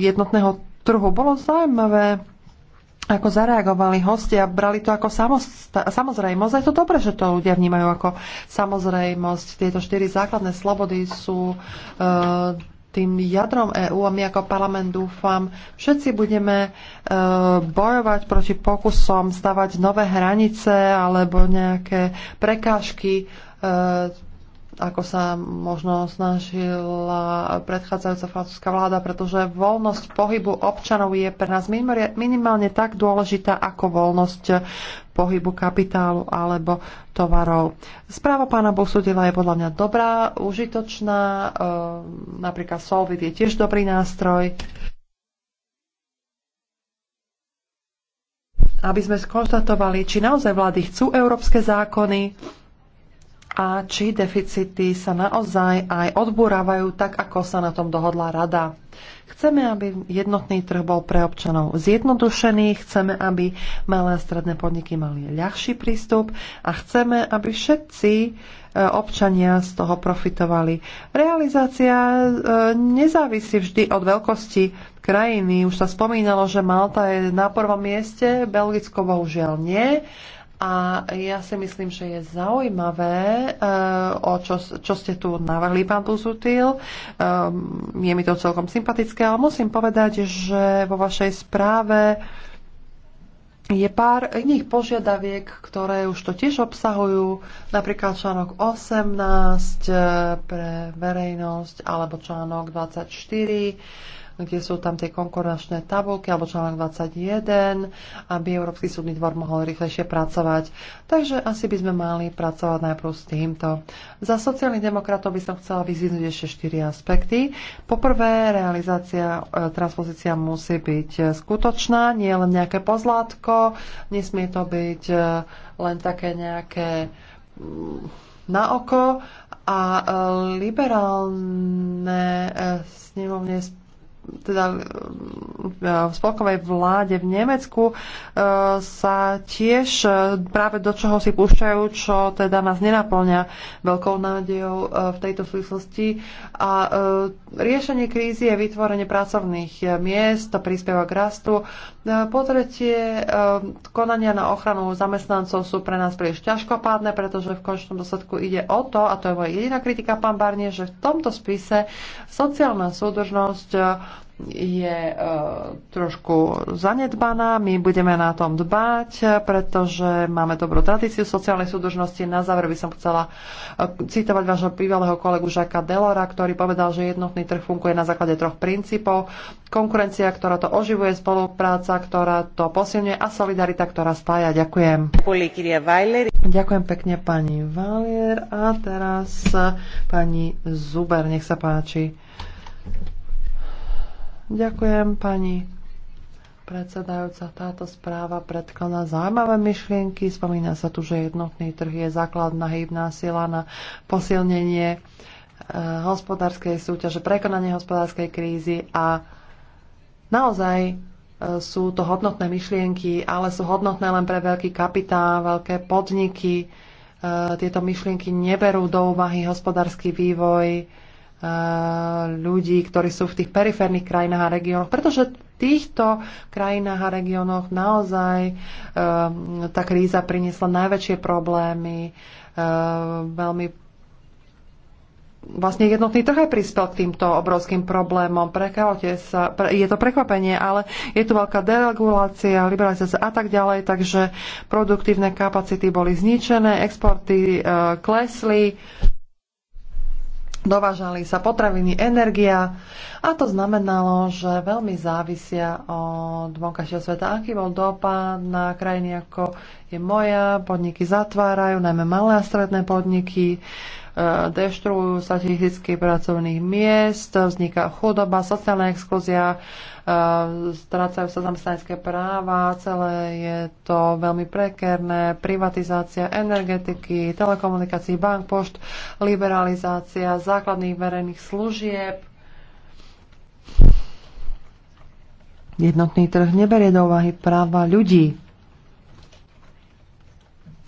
jednotného trhu. Bolo zaujímavé, ako zareagovali hostia, brali to ako samozrejmosť. Je to dobré, že to ľudia vnímajú ako samozrejmosť. Tieto štyri základné slobody sú eh, tým jadrom EÚ a my ako parlament dúfam, všetci budeme e, bojovať proti pokusom stavať nové hranice alebo nejaké prekážky e, ako sa možno snažila predchádzajúca francúzska vláda, pretože voľnosť pohybu občanov je pre nás minimálne tak dôležitá ako voľnosť pohybu kapitálu alebo tovarov. Správa pána Bosudila je podľa mňa dobrá, užitočná, ehm, napríklad Solvit je tiež dobrý nástroj. Aby sme skonštatovali, či naozaj vlády chcú európske zákony, a či deficity sa naozaj aj odburávajú tak, ako sa na tom dohodla rada. Chceme, aby jednotný trh bol pre občanov zjednodušený, chceme, aby malé a stredné podniky mali ľahší prístup a chceme, aby všetci e, občania z toho profitovali. Realizácia e, nezávisí vždy od veľkosti krajiny. Už sa spomínalo, že Malta je na prvom mieste, Belgicko bohužiaľ nie. A ja si myslím, že je zaujímavé, eh, o čo, čo ste tu navrhli, pán Buzutil. Eh, je mi to celkom sympatické, ale musím povedať, že vo vašej správe je pár iných požiadaviek, ktoré už to tiež obsahujú, napríklad článok 18 eh, pre verejnosť alebo článok 24 kde sú tam tie konkurenčné tabulky, alebo článok 21, aby Európsky súdny dvor mohol rýchlejšie pracovať. Takže asi by sme mali pracovať najprv s týmto. Za sociálnych demokratov by som chcela vyzvihnúť ešte štyri aspekty. Poprvé, realizácia, e, transpozícia musí byť e, skutočná, nie len nejaké pozlátko, nesmie to byť e, len také nejaké mm, na oko a liberálne snemovne teda e, v spolkovej vláde v Nemecku e, sa tiež e, práve do čoho si púšťajú, čo teda nás nenaplňa veľkou nádejou v tejto súvislosti. A riešenie krízy je vytvorenie pracovných miest, to prispieva k rastu. Po tretie, konania na ochranu zamestnancov sú pre nás príliš ťažkopádne, pretože v končnom dôsledku ide o to, a to je moja jediná kritika, pán Barnie, že v tomto spise sociálna súdržnosť je e, trošku zanedbaná. My budeme na tom dbať, pretože máme dobrú tradíciu sociálnej súdržnosti. Na záver by som chcela e, citovať vášho bývalého kolegu Žaka Delora, ktorý povedal, že jednotný trh funguje na základe troch princípov. Konkurencia, ktorá to oživuje, spolupráca, ktorá to posilňuje a solidarita, ktorá spája. Ďakujem. Ďakujem pekne pani Valier a teraz e, pani Zuber, nech sa páči. Ďakujem pani predsedajúca. Táto správa predkladá zaujímavé myšlienky. Spomína sa tu, že jednotný trh je základná hybná sila na posilnenie eh, hospodárskej súťaže, prekonanie hospodárskej krízy a naozaj eh, sú to hodnotné myšlienky, ale sú hodnotné len pre veľký kapitál, veľké podniky. Eh, tieto myšlienky neberú do úvahy hospodársky vývoj, Eh, ľudí, ktorí sú v tých periférnych krajinách a regiónoch, pretože v týchto krajinách a regiónoch naozaj eh, tá kríza priniesla najväčšie problémy, eh, veľmi vlastne jednotný trh aj prispel k týmto obrovským problémom. Prekávate sa, pre, je to prekvapenie, ale je tu veľká deregulácia, liberalizácia a tak ďalej, takže produktívne kapacity boli zničené, exporty e, klesli dovážali sa potraviny, energia a to znamenalo, že veľmi závisia od vonkajšieho sveta. Aký bol dopad na krajiny ako je moja, podniky zatvárajú, najmä malé a stredné podniky deštruujú sa tisícky pracovných miest, vzniká chudoba, sociálna exkluzia, e, strácajú sa zamestnanecké práva, celé je to veľmi prekerné, privatizácia energetiky, telekomunikácií, bank, pošt, liberalizácia základných verejných služieb, Jednotný trh neberie do úvahy práva ľudí.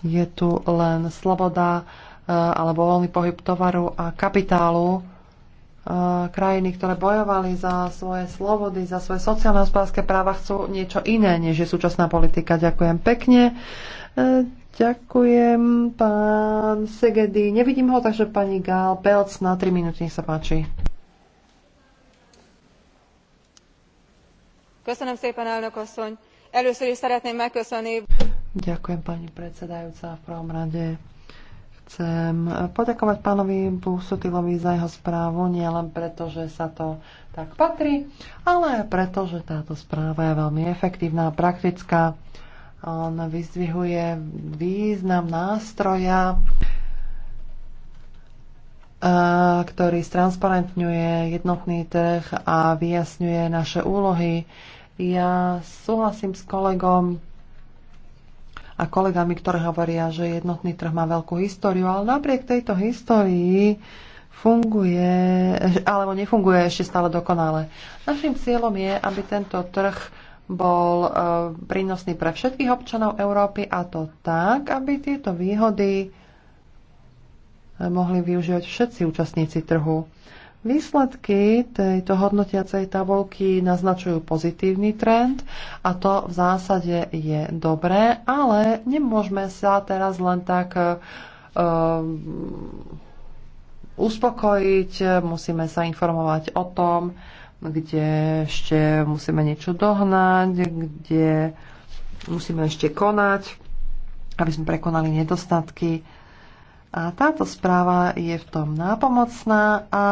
Je tu len sloboda Eh, alebo voľný pohyb tovaru a kapitálu. Eh, krajiny, ktoré bojovali za svoje slobody, za svoje sociálne hospodárske práva, chcú niečo iné, než je súčasná politika. Ďakujem pekne. Eh, ďakujem, pán Segedy. Nevidím ho, takže pani Gál Pelc na 3 minúty, nech sa páči. Ďakujem, pani predsedajúca. V prvom rade chcem poďakovať pánovi Busutilovi za jeho správu, nielen preto, že sa to tak patrí, ale aj preto, že táto správa je veľmi efektívna a praktická. On vyzdvihuje význam nástroja, eh, ktorý stransparentňuje jednotný trh a vyjasňuje naše úlohy. Ja súhlasím s kolegom, a kolegami, ktorí hovoria, že jednotný trh má veľkú históriu, ale napriek tejto histórii funguje, alebo nefunguje ešte stále dokonale. Našim cieľom je, aby tento trh bol e, prínosný pre všetkých občanov Európy a to tak, aby tieto výhody mohli využívať všetci účastníci trhu. Výsledky tejto hodnotiacej tabulky naznačujú pozitívny trend a to v zásade je dobré, ale nemôžeme sa teraz len tak uh, uspokojiť, musíme sa informovať o tom, kde ešte musíme niečo dohnať, kde musíme ešte konať, aby sme prekonali nedostatky. A táto správa je v tom nápomocná a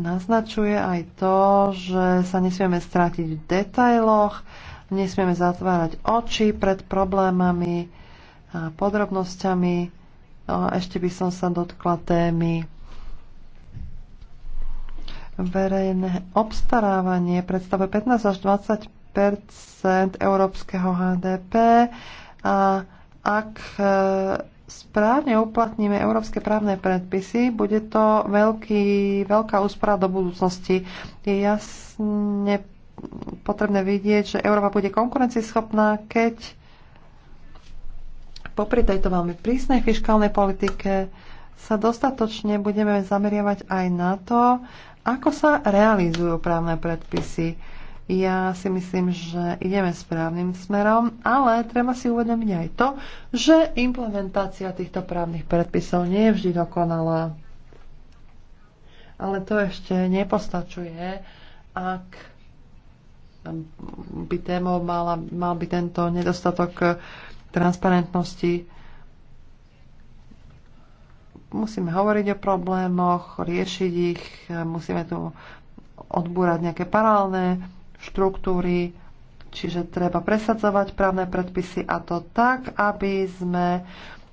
naznačuje aj to, že sa nesmieme strátiť v detailoch, nesmieme zatvárať oči pred problémami a podrobnosťami. No ešte by som sa dotkla témy verejné obstarávanie predstavuje 15 až 20 európskeho HDP a ak správne uplatníme európske právne predpisy, bude to veľký, veľká úspora do budúcnosti. Je jasne potrebné vidieť, že Európa bude konkurencieschopná, keď popri tejto veľmi prísnej fiskálnej politike sa dostatočne budeme zameriavať aj na to, ako sa realizujú právne predpisy. Ja si myslím, že ideme správnym smerom, ale treba si uvedomiť aj to, že implementácia týchto právnych predpisov nie je vždy dokonalá. Ale to ešte nepostačuje, ak by témou mala, mal by tento nedostatok transparentnosti. Musíme hovoriť o problémoch, riešiť ich, musíme tu odbúrať nejaké paralelné štruktúry, čiže treba presadzovať právne predpisy a to tak, aby sme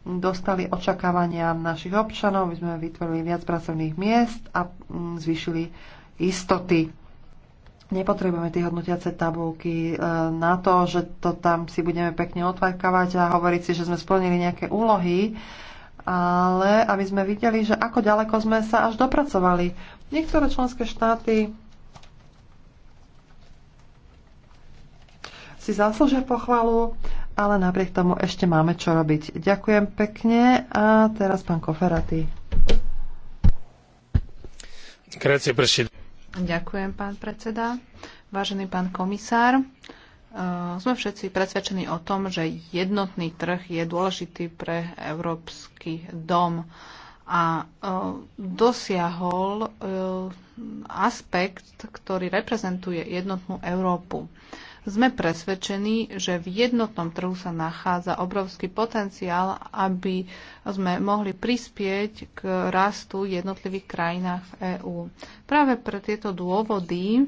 dostali očakávania našich občanov, aby sme vytvorili viac pracovných miest a mm, zvýšili istoty. Nepotrebujeme tie hodnotiace tabulky e, na to, že to tam si budeme pekne otvarkavať a hovoriť si, že sme splnili nejaké úlohy, ale aby sme videli, že ako ďaleko sme sa až dopracovali. Niektoré členské štáty si zaslúžia pochvalu, ale napriek tomu ešte máme čo robiť. Ďakujem pekne a teraz pán Koferaty. Ďakujem, pán predseda. Vážený pán komisár, e, sme všetci presvedčení o tom, že jednotný trh je dôležitý pre európsky dom a e, dosiahol e, aspekt, ktorý reprezentuje jednotnú Európu. Sme presvedčení, že v jednotnom trhu sa nachádza obrovský potenciál, aby sme mohli prispieť k rastu jednotlivých krajinách v EÚ. Práve pre tieto dôvody e,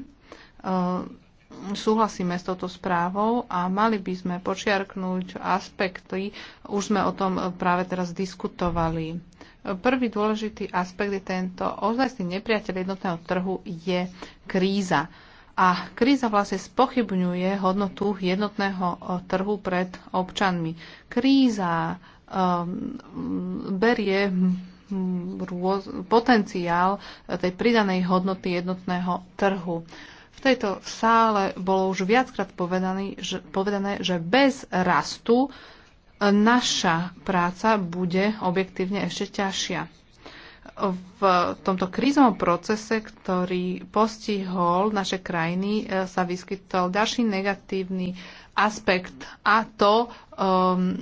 súhlasíme s touto správou a mali by sme počiarknúť aspekty, už sme o tom práve teraz diskutovali. Prvý dôležitý aspekt je tento. Ozajstný nepriateľ jednotného trhu je kríza. A kríza vlastne spochybňuje hodnotu jednotného e, trhu pred občanmi. Kríza um, berie potenciál e, tej pridanej hodnoty jednotného trhu. V tejto sále bolo už viackrát povedané, že, povedané, že bez rastu naša práca bude objektívne ešte ťažšia v tomto krízovom procese, ktorý postihol naše krajiny, e, sa vyskytol ďalší negatívny aspekt a to um,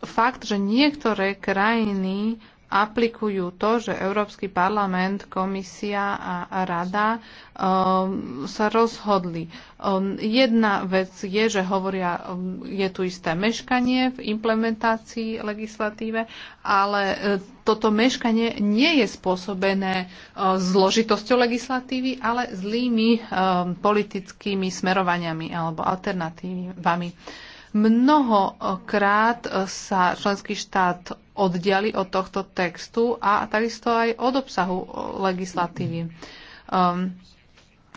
fakt, že niektoré krajiny aplikujú to, že Európsky parlament, komisia a rada um, sa rozhodli. Um, jedna vec je, že hovoria, um, je tu isté meškanie v implementácii legislatíve, ale um, toto meškanie nie je spôsobené um, zložitosťou legislatívy, ale zlými um, politickými smerovaniami alebo alternatívami. Mnohokrát sa členský štát oddiali od tohto textu a takisto aj od obsahu legislatívy. Um,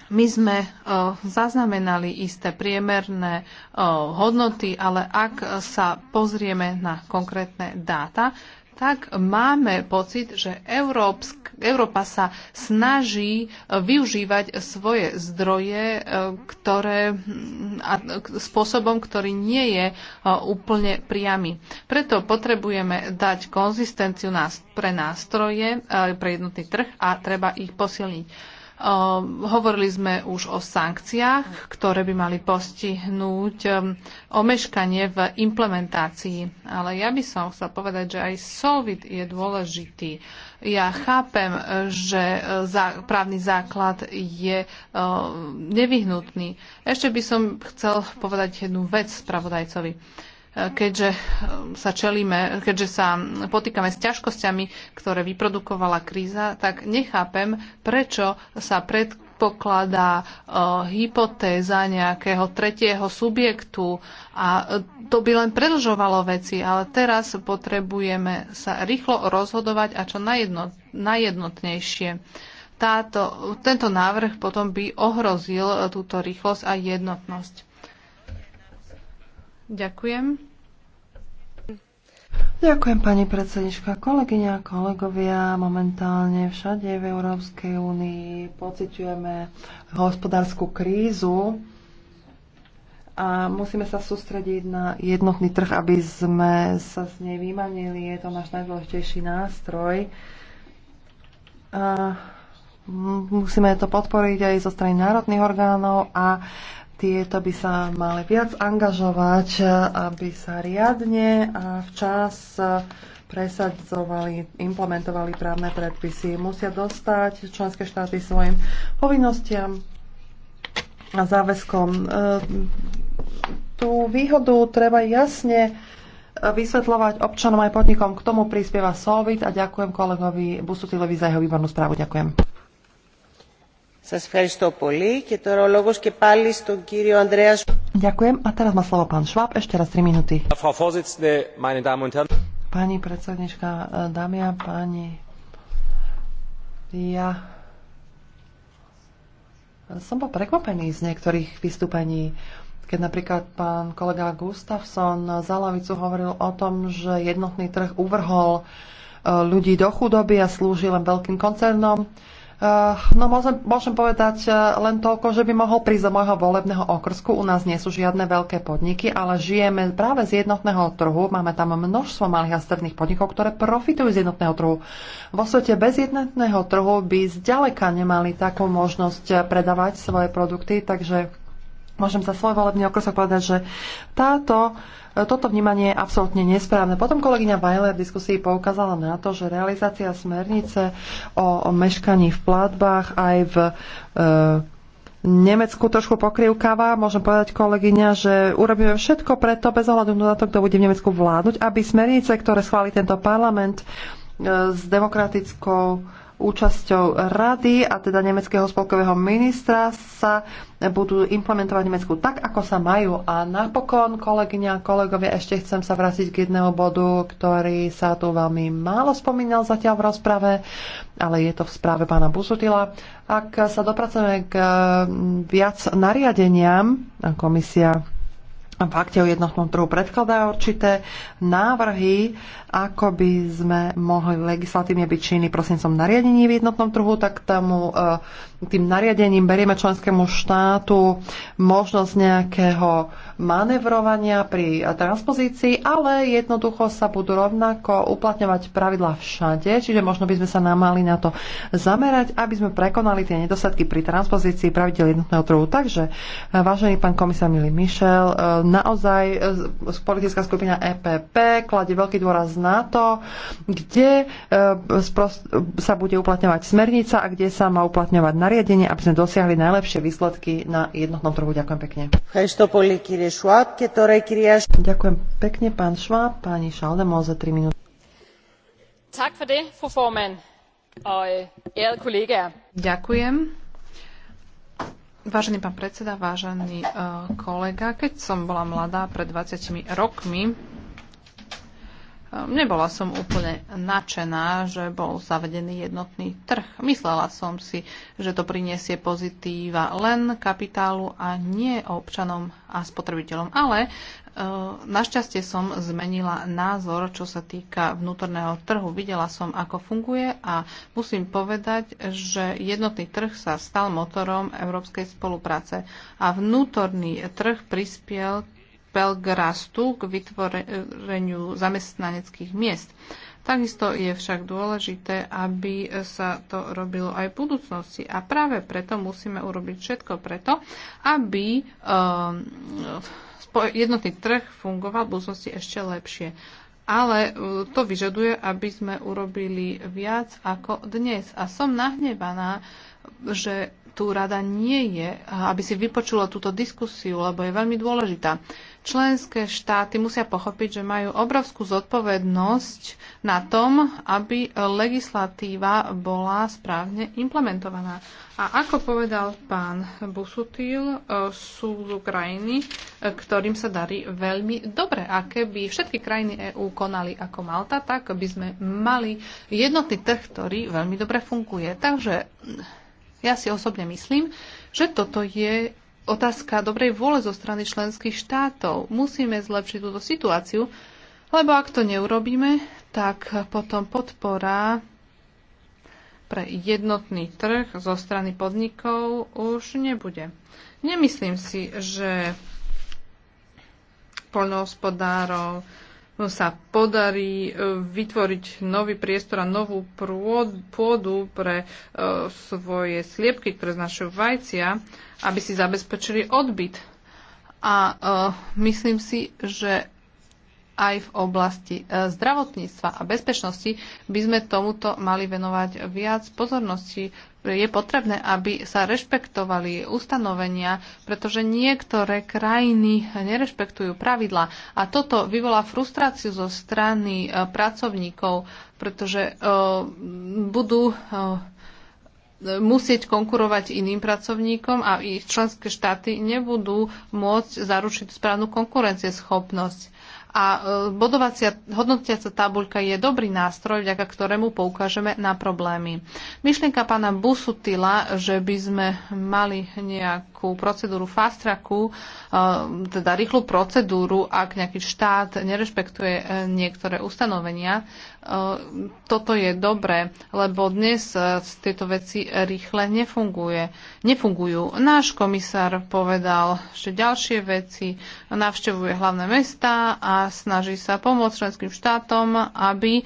my sme uh, zaznamenali isté priemerné uh, hodnoty, ale ak sa pozrieme na konkrétne dáta, tak máme pocit, že Európsk, Európa sa snaží e, využívať svoje zdroje e, ktoré, a spôsobom, ktorý nie je e, úplne priamy. Preto potrebujeme dať konzistenciu pre nástroje, pre jednotný trh a treba ich posilniť. Ehm, hovorili sme už o sankciách, ktoré by mali postihnúť ehm, omeškanie v implementácii. Ale ja by som chcela povedať, že aj Solvit je dôležitý. Ja chápem, že e, právny základ je e, nevyhnutný. Ešte by som chcel povedať jednu vec spravodajcovi keďže eh, sa čelíme, keďže sa potýkame s ťažkosťami, ktoré vyprodukovala kríza, tak nechápem, prečo sa predpokladá eh, hypotéza nejakého tretieho subjektu a eh, to by len predlžovalo veci, ale teraz potrebujeme sa rýchlo rozhodovať a čo najjednot, najjednotnejšie táto, tento návrh potom by ohrozil túto rýchlosť a jednotnosť. Ďakujem. Ďakujem pani predsednička, kolegyňa, kolegovia. Momentálne všade v Európskej únii pociťujeme hospodárskú krízu a musíme sa sústrediť na jednotný trh, aby sme sa z nej vymanili. Je to náš najdôležitejší nástroj. A musíme to podporiť aj zo strany národných orgánov a tieto by sa mali viac angažovať, aby sa riadne a včas presadzovali, implementovali právne predpisy. Musia dostať členské štáty svojim povinnostiam a záväzkom. E, tú výhodu treba jasne vysvetľovať občanom aj podnikom. K tomu prispieva Solvit a ďakujem kolegovi Busutilovi za jeho výbornú správu. Ďakujem. Ďakujem. A teraz má slovo pán Schwab. Ešte raz 3 Pani predsednička, e, dámy a páni, ja som bol prekvapený z niektorých vystúpení, keď napríklad pán kolega Gustafsson za lavicu hovoril o tom, že jednotný trh uvrhol e, ľudí do chudoby a slúži len veľkým koncernom Eh, no môžem, môžem povedať eh, len toľko, že by mohol prísť do môjho volebného okrsku. U nás nie sú žiadne veľké podniky, ale žijeme práve z jednotného trhu. Máme tam množstvo malých a stredných podnikov, ktoré profitujú z jednotného trhu. Vo svete bez jednotného trhu by zďaleka nemali takú možnosť eh, predávať svoje produkty, takže môžem za svoj volebný okresok povedať, že táto, toto vnímanie je absolútne nesprávne. Potom kolegyňa Weiler v diskusii poukázala na to, že realizácia smernice o, o meškaní v platbách aj v e, Nemecku trošku pokrivkáva. Môžem povedať kolegyňa, že urobíme všetko preto, bez ohľadu na to, kto bude v Nemecku vládnuť, aby smernice, ktoré schváli tento parlament e, s demokratickou účasťou rady a teda nemeckého spolkového ministra sa budú implementovať v Nemecku tak, ako sa majú. A napokon, kolegyňa a kolegovia, ešte chcem sa vrátiť k jednému bodu, ktorý sa tu veľmi málo spomínal zatiaľ v rozprave, ale je to v správe pána Busutila. Ak sa dopracujeme k viac nariadeniam, komisia v akte o jednotnom trhu predkladá určité návrhy, ako by sme mohli legislatívne byť činní som nariadení v jednotnom trhu, tak tomu eh, tým nariadením berieme členskému štátu možnosť nejakého manevrovania pri transpozícii, ale jednoducho sa budú rovnako uplatňovať pravidla všade, čiže možno by sme sa nám mali na to zamerať, aby sme prekonali tie nedostatky pri transpozícii pravidel jednotného trhu. Takže, vážený pán komisár Milý Mišel, naozaj e, politická skupina EPP kladie veľký dôraz na to, kde e, sa bude uplatňovať smernica a kde sa má uplatňovať nariadenie nariadenie, aby sme dosiahli najlepšie výsledky na jednotnom trhu. Ďakujem pekne. Ďakujem pekne, pán Šváb, pani Šaldemol za 3 minúty. Tak for det, fru øh, Ďakujem. Vážený pán predseda, vážený e, kolega, keď som bola mladá pred 20 rokmi, Ehm, nebola som úplne nadšená, že bol zavedený jednotný trh. Myslela som si, že to priniesie pozitíva len kapitálu a nie občanom a spotrebiteľom. Ale ehm, našťastie som zmenila názor, čo sa týka vnútorného trhu. Videla som, ako funguje a musím povedať, že jednotný trh sa stal motorom európskej spolupráce a vnútorný trh prispiel prispel k rastu, k vytvoreniu zamestnaneckých miest. Takisto je však dôležité, aby sa to robilo aj v budúcnosti. A práve preto musíme urobiť všetko preto, aby ehm, jednotný trh fungoval v budúcnosti ešte lepšie. Ale e, to vyžaduje, aby sme urobili viac ako dnes. A som nahnevaná, že tu rada nie je, aby si vypočula túto diskusiu, lebo je veľmi dôležitá. Členské štáty musia pochopiť, že majú obrovskú zodpovednosť na tom, aby legislatíva bola správne implementovaná. A ako povedal pán Busutil, e, sú z Ukrajiny, e, ktorým sa darí veľmi dobre. A keby všetky krajiny EÚ konali ako Malta, tak by sme mali jednotný trh, ktorý veľmi dobre funguje. Takže mm, ja si osobne myslím, že toto je otázka dobrej vôle zo strany členských štátov. Musíme zlepšiť túto situáciu, lebo ak to neurobíme, tak potom podpora pre jednotný trh zo strany podnikov už nebude. Nemyslím si, že poľnohospodárov, sa podarí e, vytvoriť nový priestor a novú pôdu pre e, svoje sliepky, ktoré znašajú vajcia, aby si zabezpečili odbyt. A e, myslím si, že aj v oblasti zdravotníctva a bezpečnosti by sme tomuto mali venovať viac pozornosti, je potrebné, aby sa rešpektovali ustanovenia, pretože niektoré krajiny nerešpektujú pravidla. A toto vyvolá frustráciu zo strany e, pracovníkov, pretože e, budú e, musieť konkurovať iným pracovníkom a ich členské štáty nebudú môcť zaručiť správnu konkurencieschopnosť. A e, bodovacia, hodnotiaca tabuľka je dobrý nástroj, vďaka ktorému poukážeme na problémy. Myšlienka pána Busutila, že by sme mali nejakú procedúru fast tracku, e, teda rýchlu procedúru, ak nejaký štát nerešpektuje e, niektoré ustanovenia, Eh, toto je dobré, lebo dnes eh, tieto veci rýchle nefunguje. nefungujú. Náš komisár povedal ešte ďalšie veci, navštevuje hlavné mesta a snaží sa pomôcť členským štátom, aby eh,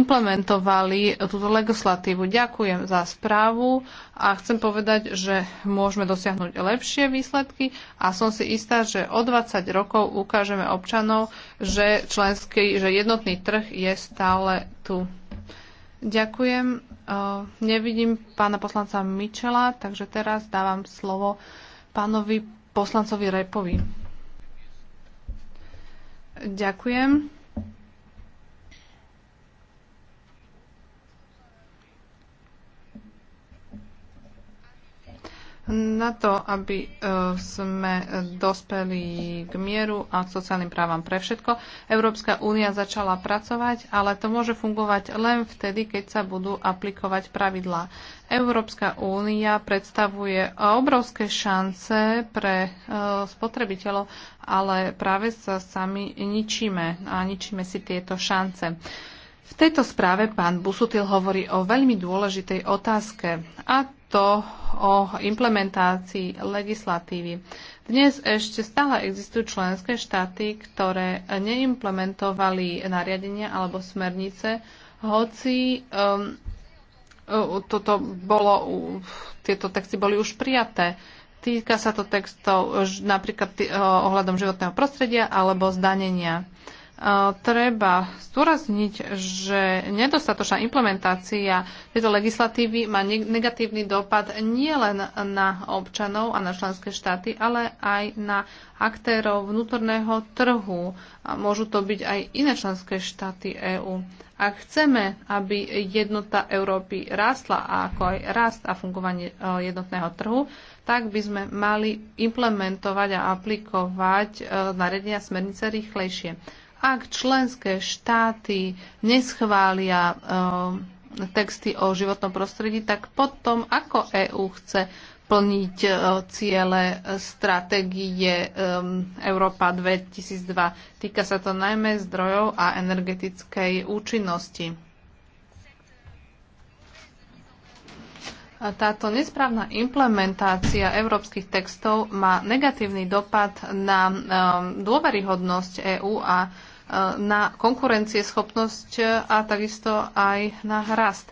implementovali túto legislatívu. Ďakujem za správu a chcem povedať, že môžeme dosiahnuť lepšie výsledky a som si istá, že o 20 rokov ukážeme občanov, že, členský, že jednotný trh je stále tu. Ďakujem. Nevidím pána poslanca Mičela, takže teraz dávam slovo pánovi poslancovi Repovi. Ďakujem. na to, aby e, sme dospeli k mieru a k sociálnym právam pre všetko. Európska únia začala pracovať, ale to môže fungovať len vtedy, keď sa budú aplikovať pravidlá. Európska únia predstavuje obrovské šance pre e, spotrebiteľov, ale práve sa sami ničíme a ničíme si tieto šance. V tejto správe pán Busutil hovorí o veľmi dôležitej otázke a to o implementácii legislatívy. Dnes ešte stále existujú členské štáty, ktoré neimplementovali nariadenia alebo smernice, hoci um, toto bolo, tieto texty boli už prijaté. Týka sa to textov napríklad ohľadom životného prostredia alebo zdanenia. E, treba zdôrazniť, že nedostatočná implementácia tejto legislatívy má negatívny dopad nielen na občanov a na členské štáty, ale aj na aktérov vnútorného trhu. A môžu to byť aj iné členské štáty EÚ. Ak chceme, aby jednota Európy rástla a ako aj rast a fungovanie e, jednotného trhu, tak by sme mali implementovať a aplikovať e, nariadenia smernice rýchlejšie. Ak členské štáty neschvália eh, texty o životnom prostredí, tak potom ako EÚ chce plniť eh, ciele stratégie eh, Európa 2002. Týka sa to najmä zdrojov a energetickej účinnosti. Táto nesprávna implementácia európskych textov má negatívny dopad na dôveryhodnosť EÚ a Eh, na konkurencieschopnosť eh, a takisto aj na rast.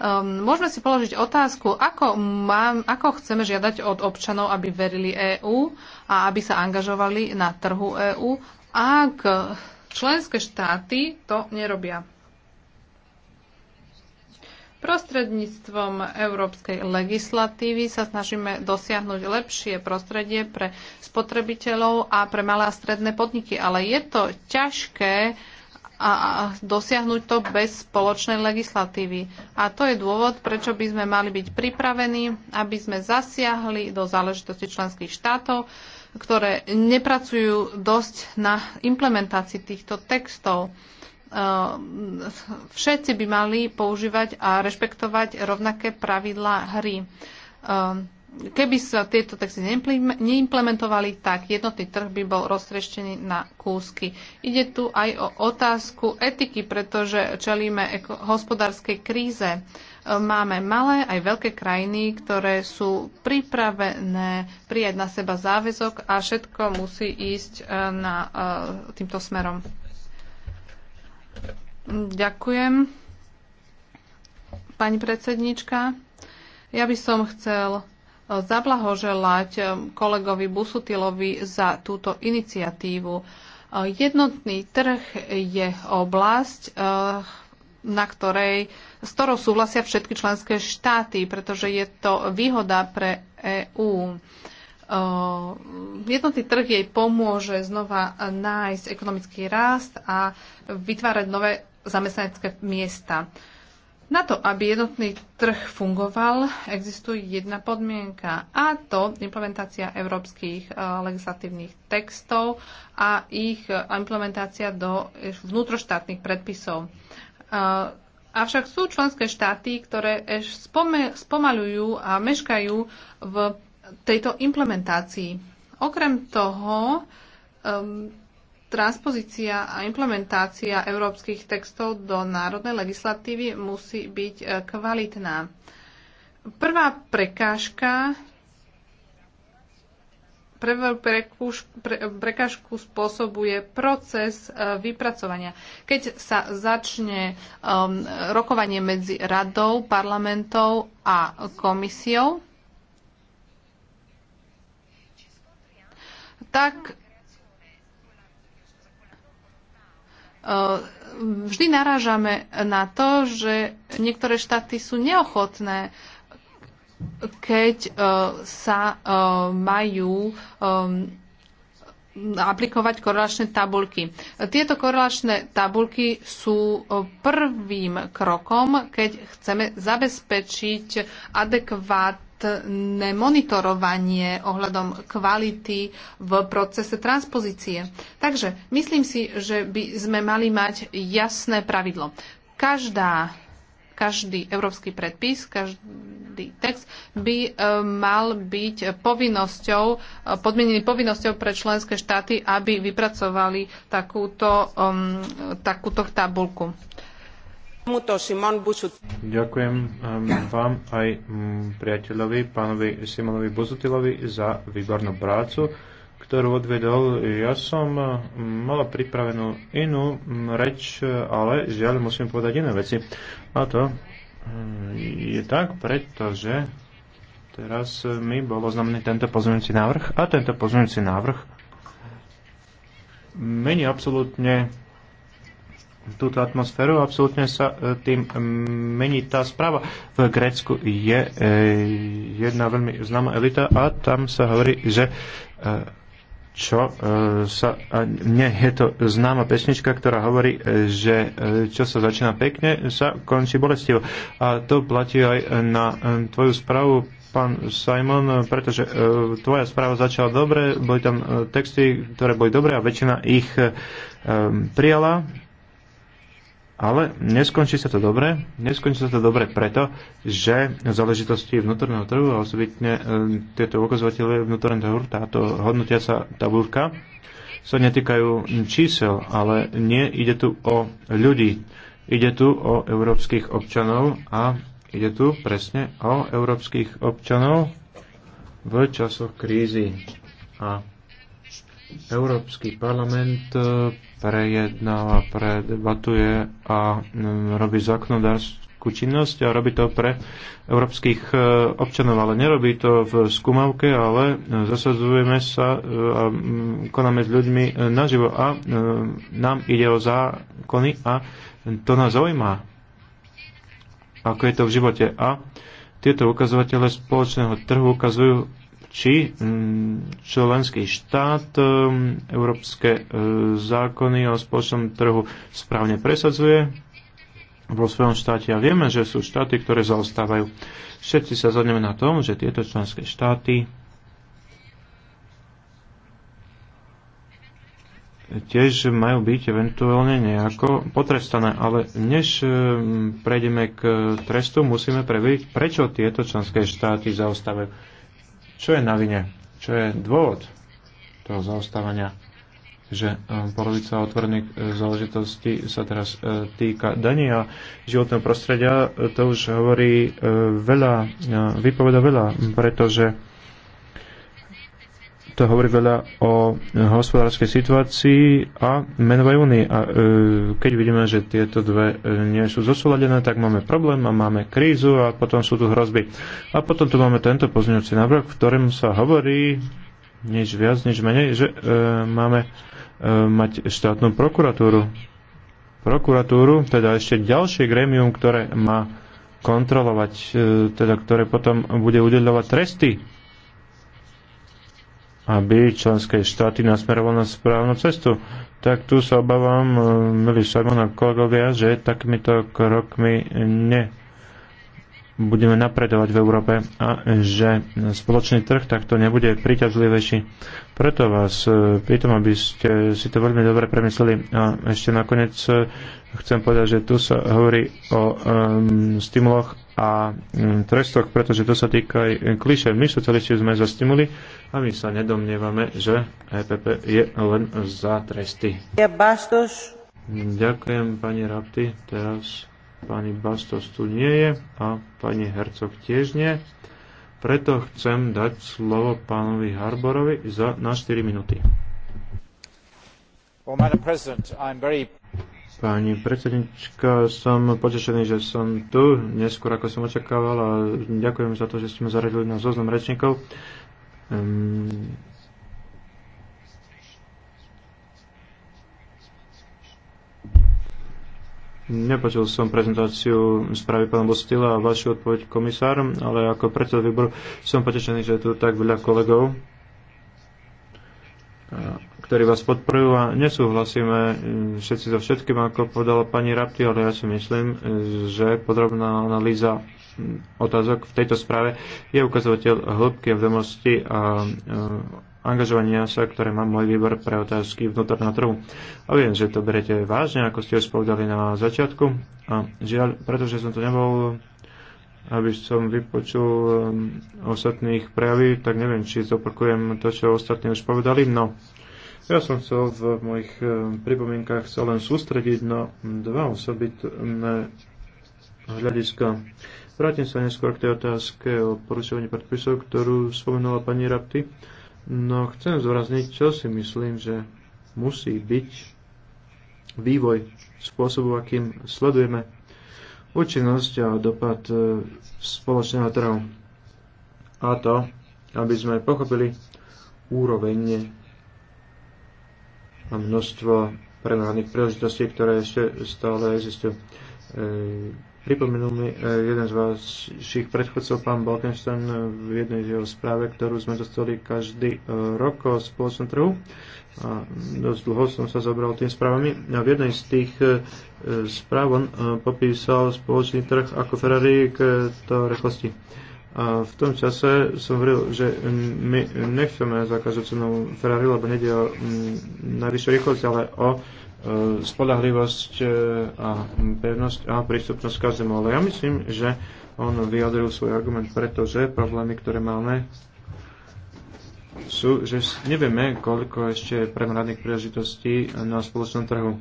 Ehm, môžeme si položiť otázku, ako, mám, ako chceme žiadať od občanov, aby verili EÚ a aby sa angažovali na trhu EÚ, ak členské štáty to nerobia. Prostredníctvom európskej legislatívy sa snažíme dosiahnuť lepšie prostredie pre spotrebiteľov a pre malé a stredné podniky, ale je to ťažké a dosiahnuť to bez spoločnej legislatívy. A to je dôvod, prečo by sme mali byť pripravení, aby sme zasiahli do záležitosti členských štátov, ktoré nepracujú dosť na implementácii týchto textov. Ehm, všetci by mali používať a rešpektovať rovnaké pravidlá hry. Ehm, keby sa tieto texty neimplementovali, tak jednotný trh by bol roztreštený na kúsky. Ide tu aj o otázku etiky, pretože čelíme hospodárskej kríze. Ehm, máme malé aj veľké krajiny, ktoré sú pripravené prijať na seba záväzok a všetko musí ísť eh, na, eh, týmto smerom. Ďakujem. Pani predsednička, ja by som chcel zablahoželať kolegovi Busutilovi za túto iniciatívu. Jednotný trh je oblasť, eh, na ktorej, s ktorou súhlasia všetky členské štáty, pretože je to výhoda pre EÚ. Ehm, jednotný trh jej pomôže znova nájsť ekonomický rast a vytvárať nové zamestnanecké miesta. Na to, aby jednotný trh fungoval, existuje jedna podmienka a to implementácia európskych eh, legislatívnych textov a ich implementácia do vnútroštátnych predpisov. Eh, avšak sú členské štáty, ktoré eh, spome- spomalujú a meškajú v tejto implementácii. Okrem toho, um, transpozícia a implementácia európskych textov do národnej legislatívy musí byť e, kvalitná. Prvá prekážka prvú prekážku spôsobuje proces e, vypracovania. Keď sa začne rokovanie medzi radou, parlamentou a komisiou, tak e, vždy narážame na to, že niektoré štáty sú neochotné, keď e, sa e, majú aplikovať korelačné tabulky. Tieto korelačné tabulky sú prvým krokom, keď chceme zabezpečiť adekvát striktné monitorovanie ohľadom kvality v procese transpozície. Takže myslím si, že by sme mali mať jasné pravidlo. Každá každý európsky predpis, každý text by e, mal byť povinnosťou, e, podmienený povinnosťou pre členské štáty, aby vypracovali takúto, um, takúto tabulku. Ďakujem ehm, vám aj mm, priateľovi, pánovi Simonovi Bozutilovi za výbornú prácu, ktorú odvedol. Ja som ehm, mala pripravenú inú mm, reč, ale žiaľ musím povedať iné veci. A to ehm, je tak, pretože teraz mi bol oznamený tento pozmeňujúci návrh a tento pozmeňujúci návrh mení absolútne túto atmosféru. Absolútne sa e, tým e, mení tá správa. V Grécku je e, jedna veľmi známa elita a tam sa hovorí, že čo sa, mne je to známa pesnička, ktorá hovorí, že čo sa začína pekne, sa končí bolestivo. A to platí aj na tvoju správu pán Simon, pretože tvoja správa začala dobre, boli tam texty, ktoré boli dobré a väčšina ich prijala ale neskončí sa to dobre. Neskončí sa to dobre preto, že záležitosti vnútorného trhu a osobitne e, tieto ukazovatele vnútorného trhu, táto hodnotia sa tabulka, sa netýkajú čísel, ale nie ide tu o ľudí. Ide tu o európskych občanov a ide tu presne o európskych občanov v časoch krízy. A Európsky parlament e, prejednáva, predebatuje a robí zákonodárskú činnosť a robí to pre európskych e, občanov, ale nerobí to v skúmavke, ale e, zasadzujeme sa a konáme s ľuďmi naživo a nám ide o zákony a to nás zaujíma, ako je to v živote. A tieto ukazovatele spoločného trhu ukazujú, či mm, členský štát mm, európske e, zákony o spoločnom trhu správne presadzuje vo svojom štáte. A vieme, že sú štáty, ktoré zaostávajú. Všetci sa zhodneme na tom, že tieto členské štáty tiež majú byť eventuálne nejako potrestané. Ale než e, prejdeme k trestu, musíme preveriť, prečo tieto členské štáty zaostávajú. Čo je na vine? Čo je dôvod toho zaostávania? že e, polovica otvorených e, záležitostí sa teraz e, týka daní a životného prostredia. To už hovorí veľa, vypoveda veľa, pretože to hovorí veľa o hospodárskej situácii a menovej únii. A e, keď vidíme, že tieto dve e, nie sú zosúladené, tak máme problém a máme krízu a potom sú tu hrozby. A potom tu máme tento pozňujúci návrh, v ktorom sa hovorí nič viac, nič menej, že e, máme e, mať štátnu prokuratúru. Prokuratúru, teda ešte ďalšie grémium, ktoré má kontrolovať, e, teda ktoré potom bude udeľovať tresty aby členské štáty nasmerovali na správnu cestu. Tak tu sa obávam, e, milí Šarman a kolegovia, že takýmito krokmi ne budeme napredovať v Európe a že spoločný trh takto nebude príťažlivejší. Preto vás e, pýtam, aby ste si to veľmi dobre premysleli. A ešte nakoniec e, chcem povedať, že tu sa hovorí o um, stimuloch a mm, trestok, pretože to sa týka aj kliše. My socialisti sme za stimuli a my sa nedomnievame, že EPP je len za tresty. Ja Bastos. Ďakujem pani Rapti. Teraz pani Bastos tu nie je a pani Hercog tiež nie. Preto chcem dať slovo pánovi Harborovi za, na 4 minúty. Well, Madam President, I'm very Pani predsednička, som potešený, že som tu, neskôr ako som očakával a ďakujem za to, že ste ma zaradili na zoznam rečníkov. Um, Nepočul som prezentáciu správy pána Bostila a vašu odpoveď komisár, ale ako predseda výboru som potešený, že je tu tak veľa kolegov ktorí vás podporujú a nesúhlasíme e, všetci so všetkým, ako povedala pani Rapti, ale ja si myslím, e, že podrobná analýza mm, otázok v tejto správe je ukazovateľ hĺbky a vedomosti a e, angažovania sa, ktoré má môj výbor pre otázky vnútorného trhu. A viem, že to berete vážne, ako ste už povedali na začiatku. A žiaľ, pretože som tu nebol, aby som vypočul ostatných prejavy, tak neviem, či zopakujem to, čo ostatní už povedali, no ja som chcel v mojich eh, pripomienkách sa len sústrediť na dva osobitné hľadiska. Vrátim sa neskôr k tej otázke o porušovaní predpisov, ktorú spomenula pani Rapti. No chcem zvrazniť, čo si myslím, že musí byť vývoj spôsobu, akým sledujeme účinnosť a dopad eh, spoločného trhu. A to, aby sme pochopili úroveň a množstvo premrhaných príležitostí, ktoré ešte stále existujú. E, pripomenul mi e, jeden z vašich predchodcov, pán Balkenstein, v jednej z jeho správe, ktorú sme dostali každý e, rok o spoločnom trhu. A dosť dlho som sa zabral tým správami. A v jednej z tých správ on popísal spoločný trh ako Ferrari k to rýchlosti a v tom čase som hovoril, že my nechceme za každú cenu Ferrari, lebo nejde o mm, najvyššiu rýchlosť, ale o e, spolahlivosť e, a pevnosť a prístupnosť každému. Ale ja myslím, že on vyjadril svoj argument, pretože problémy, ktoré máme, sú, že nevieme, koľko ešte je premradných príležitostí na spoločnom trhu,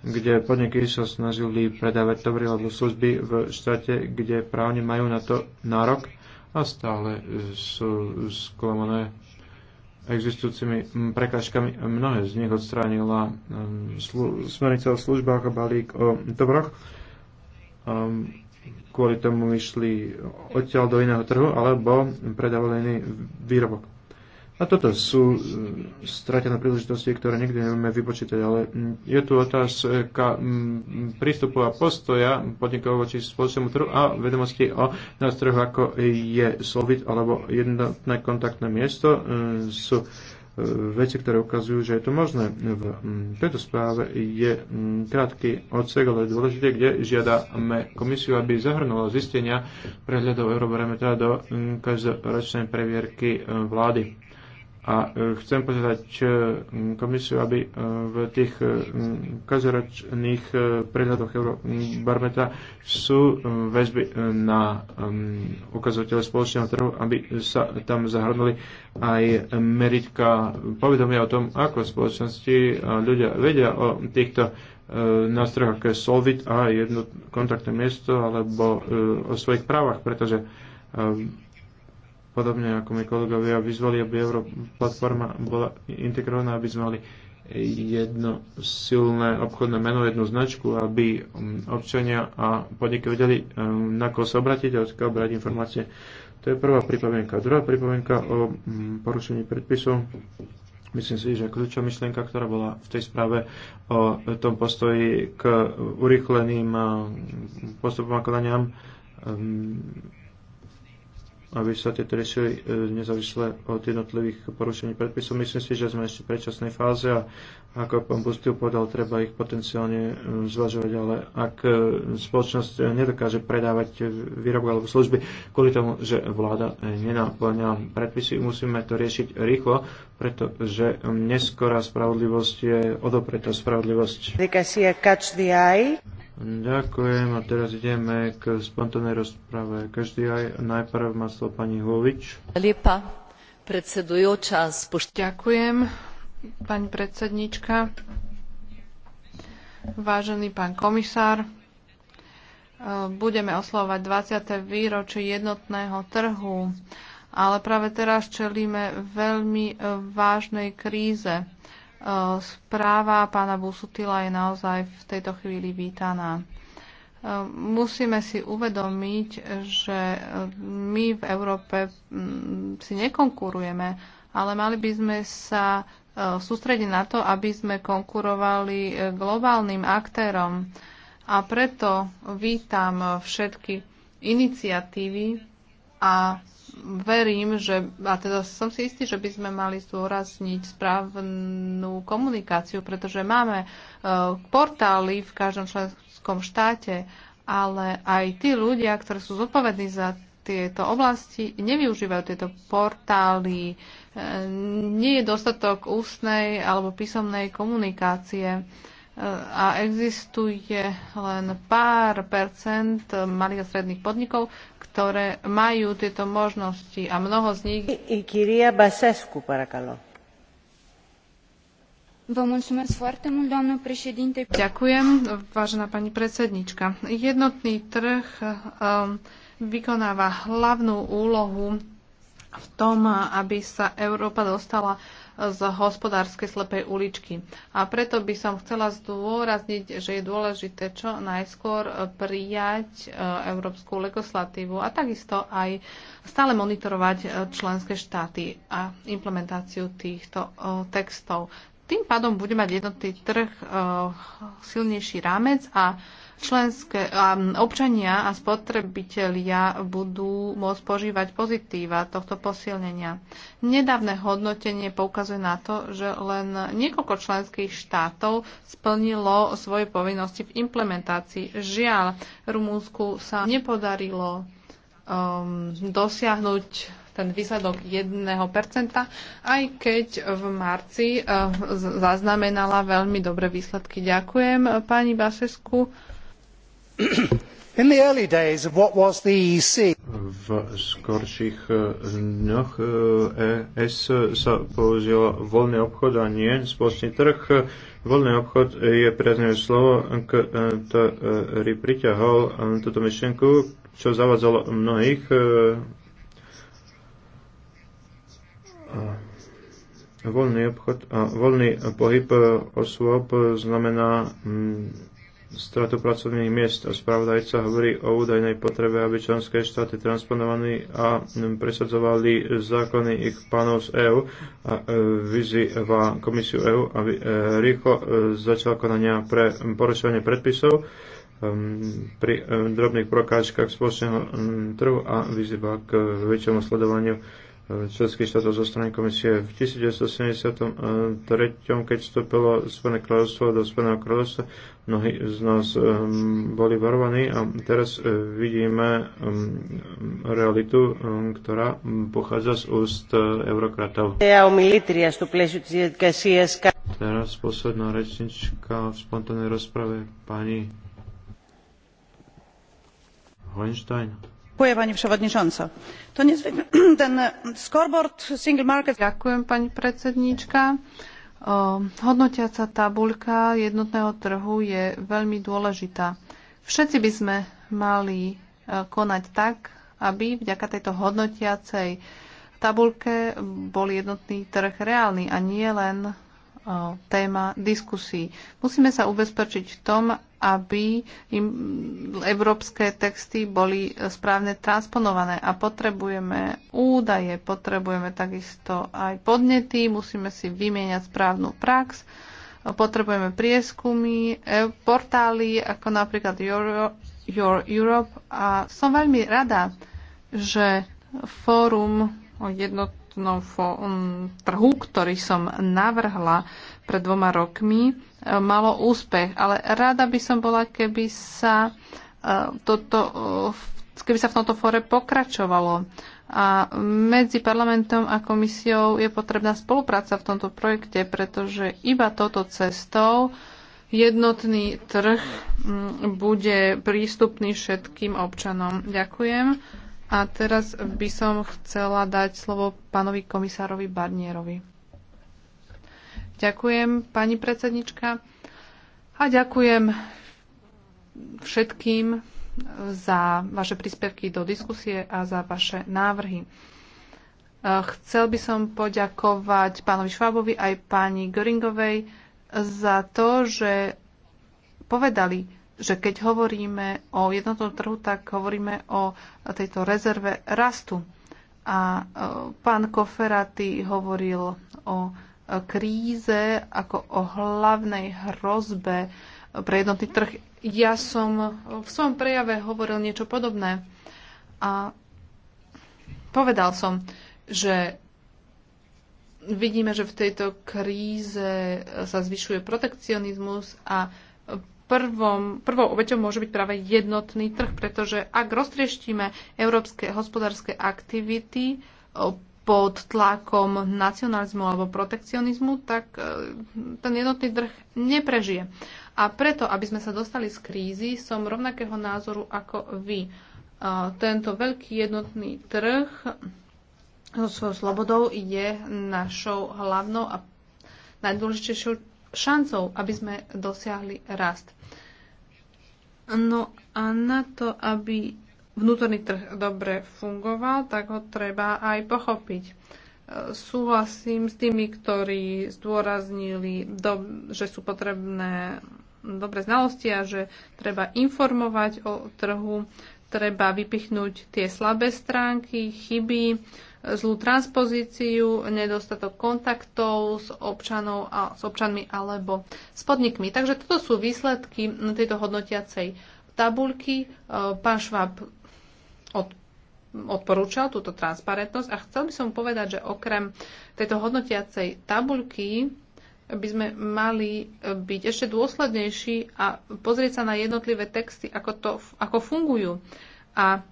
kde podniky sa snažili predávať dobré alebo služby v štáte, kde právne majú na to nárok a stále e, sú sklamané existujúcimi prekážkami. Mnohé z nich odstránila smernica o službách a balík o dobroch. Kvôli tomu išli odtiaľ do iného trhu alebo predávali iný výrobok. A toto sú e, stratené príležitosti, ktoré nikdy nevieme vypočítať, ale je tu otázka prístupu a postoja podnikov voči spoločnému trhu a vedomosti o nástrojoch, ako je slovit alebo jednotné kontaktné miesto. E, sú e, veci, ktoré ukazujú, že je to možné. V tejto správe je krátky odsek, ale dôležité, kde žiadame komisiu, aby zahrnula zistenia prehľadov Eurobarometra do každoročnej previerky vlády a e, chcem požiadať e, komisiu, aby e, v tých každoročných prehľadoch Eurobarometra sú väzby na ukazovateľe spoločného trhu, aby sa tam zahrnuli aj meritka povedomia o tom, ako spoločnosti a ľudia vedia o týchto nástrojoch ako Solvit a jedno kontaktné miesto alebo o svojich právach, pretože podobne ako my kolegovia vyzvali, aby platforma bola integrovaná, aby sme mali jedno silné obchodné meno, jednu značku, aby um, občania a podniky vedeli, um, na koho sa obrátiť a odkiaľ brať informácie. To je prvá pripomienka. Druhá pripomienka o um, porušení predpisov. Myslím si, že kľúčová myšlienka, ktorá bola v tej správe o tom postoji k urychleným postupom a konaniam, aby sa tieto riešili nezávisle od jednotlivých porušení predpisov. Myslím si, že sme ešte v predčasnej fáze a ako pán Bustil povedal, treba ich potenciálne e, zvažovať, ale ak e, spoločnosť e, nedokáže predávať výrobky alebo služby kvôli tomu, že vláda nenáplňa predpisy, musíme to riešiť rýchlo, pretože neskorá spravodlivosť je odopretá spravodlivosť. Ďakujem a teraz ideme k spontánnej rozprave. Každý aj najprv má slovo pani Hovič. Lepa predsedujúča. Ďakujem pani predsednička, vážený pán komisár. E, budeme oslovať 20. výročie jednotného trhu, ale práve teraz čelíme veľmi e, vážnej kríze. E, správa pána Busutila je naozaj v tejto chvíli vítaná. Musíme si uvedomiť, že my v Európe si nekonkurujeme, ale mali by sme sa E, sústrediť na to, aby sme konkurovali e, globálnym aktérom. A preto vítam všetky iniciatívy a verím, že, a teda som si istý, že by sme mali zdôrazniť správnu komunikáciu, pretože máme e, portály v každom členskom štáte, ale aj tí ľudia, ktorí sú zodpovední za tieto oblasti, nevyužívajú tieto portály nie je dostatok ústnej alebo písomnej komunikácie e, a existuje len pár percent malých a stredných podnikov, ktoré majú tieto možnosti a mnoho z nich... I, Kyria Basescu, parakalo. Ďakujem, vážená pani predsednička. Jednotný trh um, vykonáva hlavnú úlohu v tom, aby sa Európa dostala z hospodárskej slepej uličky. A preto by som chcela zdôrazniť, že je dôležité čo najskôr prijať e, európsku legislatívu a takisto aj stále monitorovať e, členské štáty a implementáciu týchto e, textov. Tým pádom bude mať jednotný trh silnejší rámec a členské občania a spotrebitelia budú môcť požívať pozitíva tohto posilnenia. Nedávne hodnotenie poukazuje na to, že len niekoľko členských štátov splnilo svoje povinnosti v implementácii. Žiaľ, Rumúnsku sa nepodarilo um, dosiahnuť ten výsledok 1%, aj keď v marci uh, zaznamenala veľmi dobré výsledky. Ďakujem pani Basesku. In the early days of what was the EEC, v skorších eh, dňoch ES eh, e sa použilo a nie spoločný trh. Voľný obchod je priaznevé slovo, ktorý priťahol eh, túto myšlienku, čo zavadzalo mnohých voľný obchod a voľný pohyb osôb znamená mm, stratu pracovných miest a spravodajca hovorí o údajnej potrebe, aby členské štáty transponovali a presadzovali zákony ich pánov z EÚ a e, vyzýva komisiu EÚ, aby e, rýchlo e, začala konania pre porušovanie predpisov pri drobných prokážkach spoločného trhu a vyzýva k väčšiemu sledovaniu členských štátov zo strany komisie. V 1973, keď vstúpilo Spojené kráľovstvo do Spojeného kráľovstva, mnohí z nás um, boli varovaní a teraz uh, vidíme um, realitu, um, ktorá pochádza z úst uh, eurokratov. Teraz posledná rečnička v spontánnej rozprave pani Hohenstein. Dziękuję Panie Przewodniczący. Eh, Ďakujem pani Hodnotiaca tabuľka jednotného trhu je veľmi dôležitá. Všetci by sme mali eh, konať tak, aby vďaka tejto hodnotiacej tabulke bol jednotný trh reálny a nie len téma diskusí. Musíme sa ubezpečiť v tom, aby im európske texty boli správne transponované a potrebujeme údaje, potrebujeme takisto aj podnety, musíme si vymieňať správnu prax, potrebujeme prieskumy, e, portály ako napríklad Your, Your Europe a som veľmi rada, že fórum o jednotnom trhu, ktorý som navrhla pred dvoma rokmi, malo úspech. Ale rada by som bola, keby sa, e, toto, e, keby sa v tomto fóre pokračovalo. A medzi parlamentom a komisiou je potrebná spolupráca v tomto projekte, pretože iba toto cestou jednotný trh mm, bude prístupný všetkým občanom. Ďakujem. A teraz by som chcela dať slovo pánovi komisárovi Barnierovi. Ďakujem, pani predsednička. A ďakujem všetkým za vaše príspevky do diskusie a za vaše návrhy. E, chcel by som poďakovať pánovi Švábovi aj pani Göringovej za to, že povedali, že keď hovoríme o jednotnom trhu, tak hovoríme o tejto rezerve rastu. A e, pán Koferaty hovoril o kríze ako o hlavnej hrozbe pre jednotný trh. Ja som v svojom prejave hovoril niečo podobné a povedal som, že vidíme, že v tejto kríze sa zvyšuje protekcionizmus a prvom, prvou obeťou môže byť práve jednotný trh, pretože ak roztrieštíme európske hospodárske aktivity, pod tlakom nacionalizmu alebo protekcionizmu, tak e, ten jednotný trh neprežije. A preto, aby sme sa dostali z krízy, som rovnakého názoru ako vy. E, tento veľký jednotný trh so svojou slobodou je našou hlavnou a najdôležitejšou šancou, aby sme dosiahli rast. No a na to, aby vnútorný trh dobre fungoval, tak ho treba aj pochopiť. E, súhlasím s tými, ktorí zdôraznili, že sú potrebné dobre znalosti a že treba informovať o trhu, treba vypichnúť tie slabé stránky, chyby, zlú transpozíciu, nedostatok kontaktov s občanov a s občanmi alebo s podnikmi. Takže toto sú výsledky tejto hodnotiacej tabulky. E, pán Šváb od, odporúčal túto transparentnosť a chcel by som povedať, že okrem tejto hodnotiacej tabuľky by sme mali byť ešte dôslednejší a pozrieť sa na jednotlivé texty, ako, to, ako fungujú. A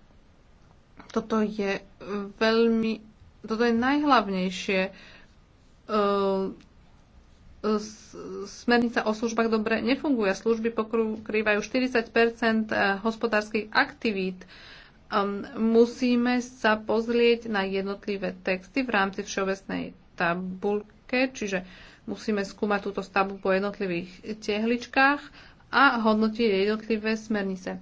toto je e, veľmi, toto je najhlavnejšie. E, smernica o službách dobre nefunguje. Služby pokrývajú 40 e, hospodárskych aktivít um, musíme sa pozrieť na jednotlivé texty v rámci všeobecnej tabulke, čiže musíme skúmať túto stavbu po jednotlivých tehličkách a hodnotiť jednotlivé smernice.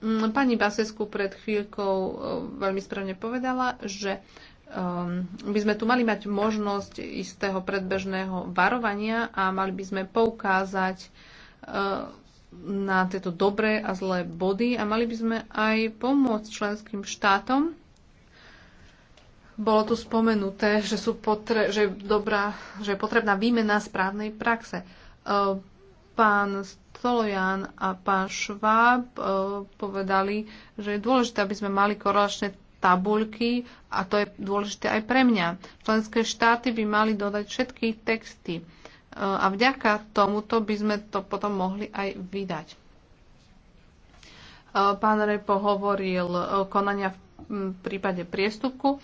Mm, pani Basesku pred chvíľkou e, veľmi správne povedala, že ehm, by sme tu mali mať možnosť istého predbežného varovania a mali by sme poukázať e, na tieto dobré a zlé body a mali by sme aj pomôcť členským štátom. Bolo tu spomenuté, že, sú potre- že, dobrá, že je potrebná výmena správnej praxe. E, pán Stolojan a pán Šváb e, povedali, že je dôležité, aby sme mali korelačné tabuľky a to je dôležité aj pre mňa. Členské štáty by mali dodať všetky texty a vďaka tomuto by sme to potom mohli aj vydať. Pán Repo hovoril konania v prípade priestupku.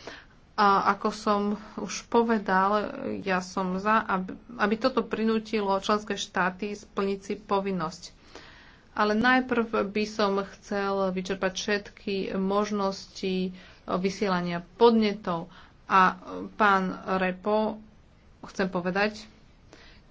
A ako som už povedal, ja som za, aby, aby toto prinútilo členské štáty splniť si povinnosť. Ale najprv by som chcel vyčerpať všetky možnosti vysielania podnetov. A pán Repo, chcem povedať,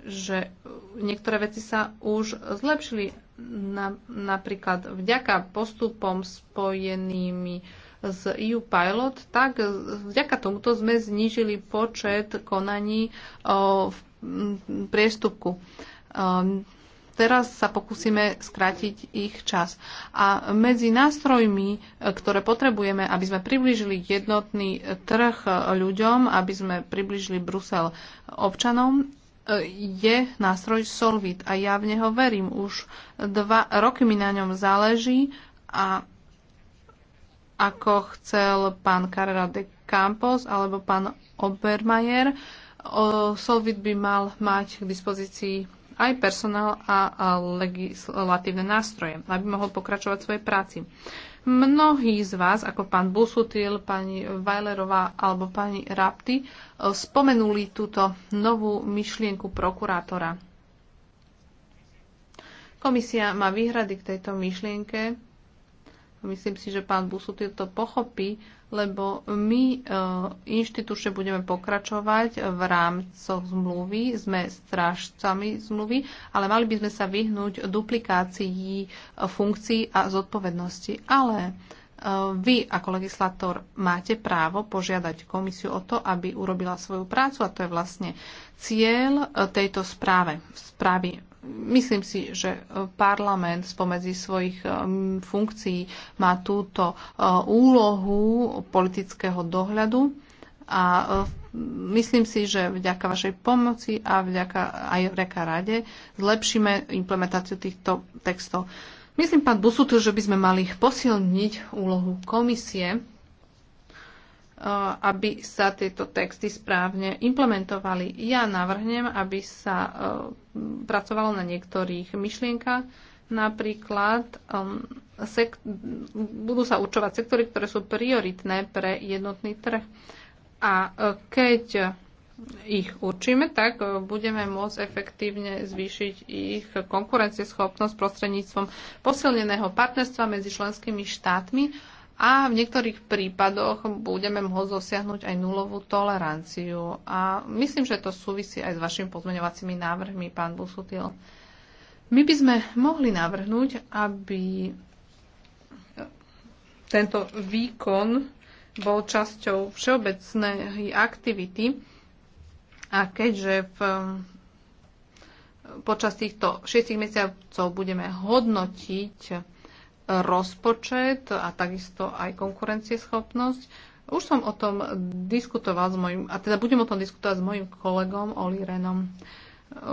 že niektoré veci sa už zlepšili, na, napríklad vďaka postupom spojenými z EU Pilot, tak vďaka tomuto sme znížili počet konaní o, v priestupku. O, teraz sa pokúsime skrátiť ich čas. A medzi nástrojmi, ktoré potrebujeme, aby sme priblížili jednotný trh ľuďom, aby sme priblížili Brusel občanom, je nástroj Solvit a ja v neho verím. Už dva roky mi na ňom záleží a ako chcel pán Carrera de Campos alebo pán Obermayer, Solvit by mal mať k dispozícii aj personál a legislatívne nástroje, aby mohol pokračovať v svojej práci. Mnohí z vás, ako pán Busutil, pani Vajlerová alebo pani Rapti, eh, spomenuli túto novú myšlienku prokurátora. Komisia má výhrady k tejto myšlienke. Myslím si, že pán Busutil to pochopí, lebo my e, inštitúčne budeme pokračovať v rámcoch zmluvy, sme strážcami zmluvy, ale mali by sme sa vyhnúť duplikácií e, funkcií a zodpovednosti. Ale e, vy ako legislator máte právo požiadať komisiu o to, aby urobila svoju prácu a to je vlastne cieľ e, tejto správe, správy Myslím si, že e, parlament spomedzi svojich e, funkcií má túto e, úlohu politického dohľadu a myslím si, že vďaka vašej pomoci a vďaka aj vďaka rade zlepšíme implementáciu týchto textov. Myslím, pán Busutu, že by sme mali posilniť úlohu komisie aby sa tieto texty správne implementovali. Ja navrhnem, aby sa pracovalo na niektorých myšlienkach, napríklad um, budú sa určovať sektory, ktoré sú prioritné pre jednotný trh. A keď ich určíme, tak budeme môcť efektívne zvýšiť ich konkurencieschopnosť prostredníctvom posilneného partnerstva medzi členskými štátmi a v niektorých prípadoch budeme môcť dosiahnuť aj nulovú toleranciu. A myslím, že to súvisí aj s vašimi pozmeňovacími návrhmi, pán Busutil. My by sme mohli navrhnúť, aby tento výkon bol časťou všeobecnej aktivity a keďže v, počas týchto 6 mesiacov budeme hodnotiť rozpočet a takisto aj konkurencieschopnosť. Už som o tom diskutoval s mojim, a teda budem o tom diskutovať s mojim kolegom Oli Renom.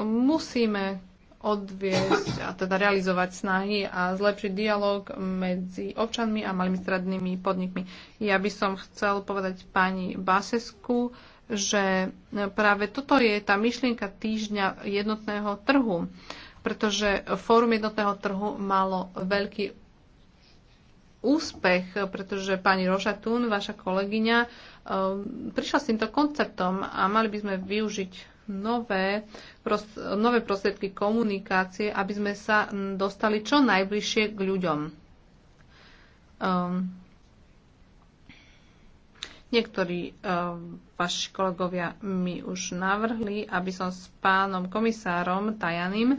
Musíme odviesť a teda realizovať snahy a zlepšiť dialog medzi občanmi a malými strednými podnikmi. Ja by som chcel povedať pani Basesku, že práve toto je tá myšlienka týždňa jednotného trhu, pretože Fórum jednotného trhu malo veľký úspech, pretože pani Roža Tún, vaša kolegyňa, um, prišla s týmto konceptom a mali by sme využiť nové, prost, nové prostriedky komunikácie, aby sme sa dostali čo najbližšie k ľuďom. Um, Niektorí eh, vaši kolegovia mi už navrhli, aby som s pánom komisárom Tajaným eh,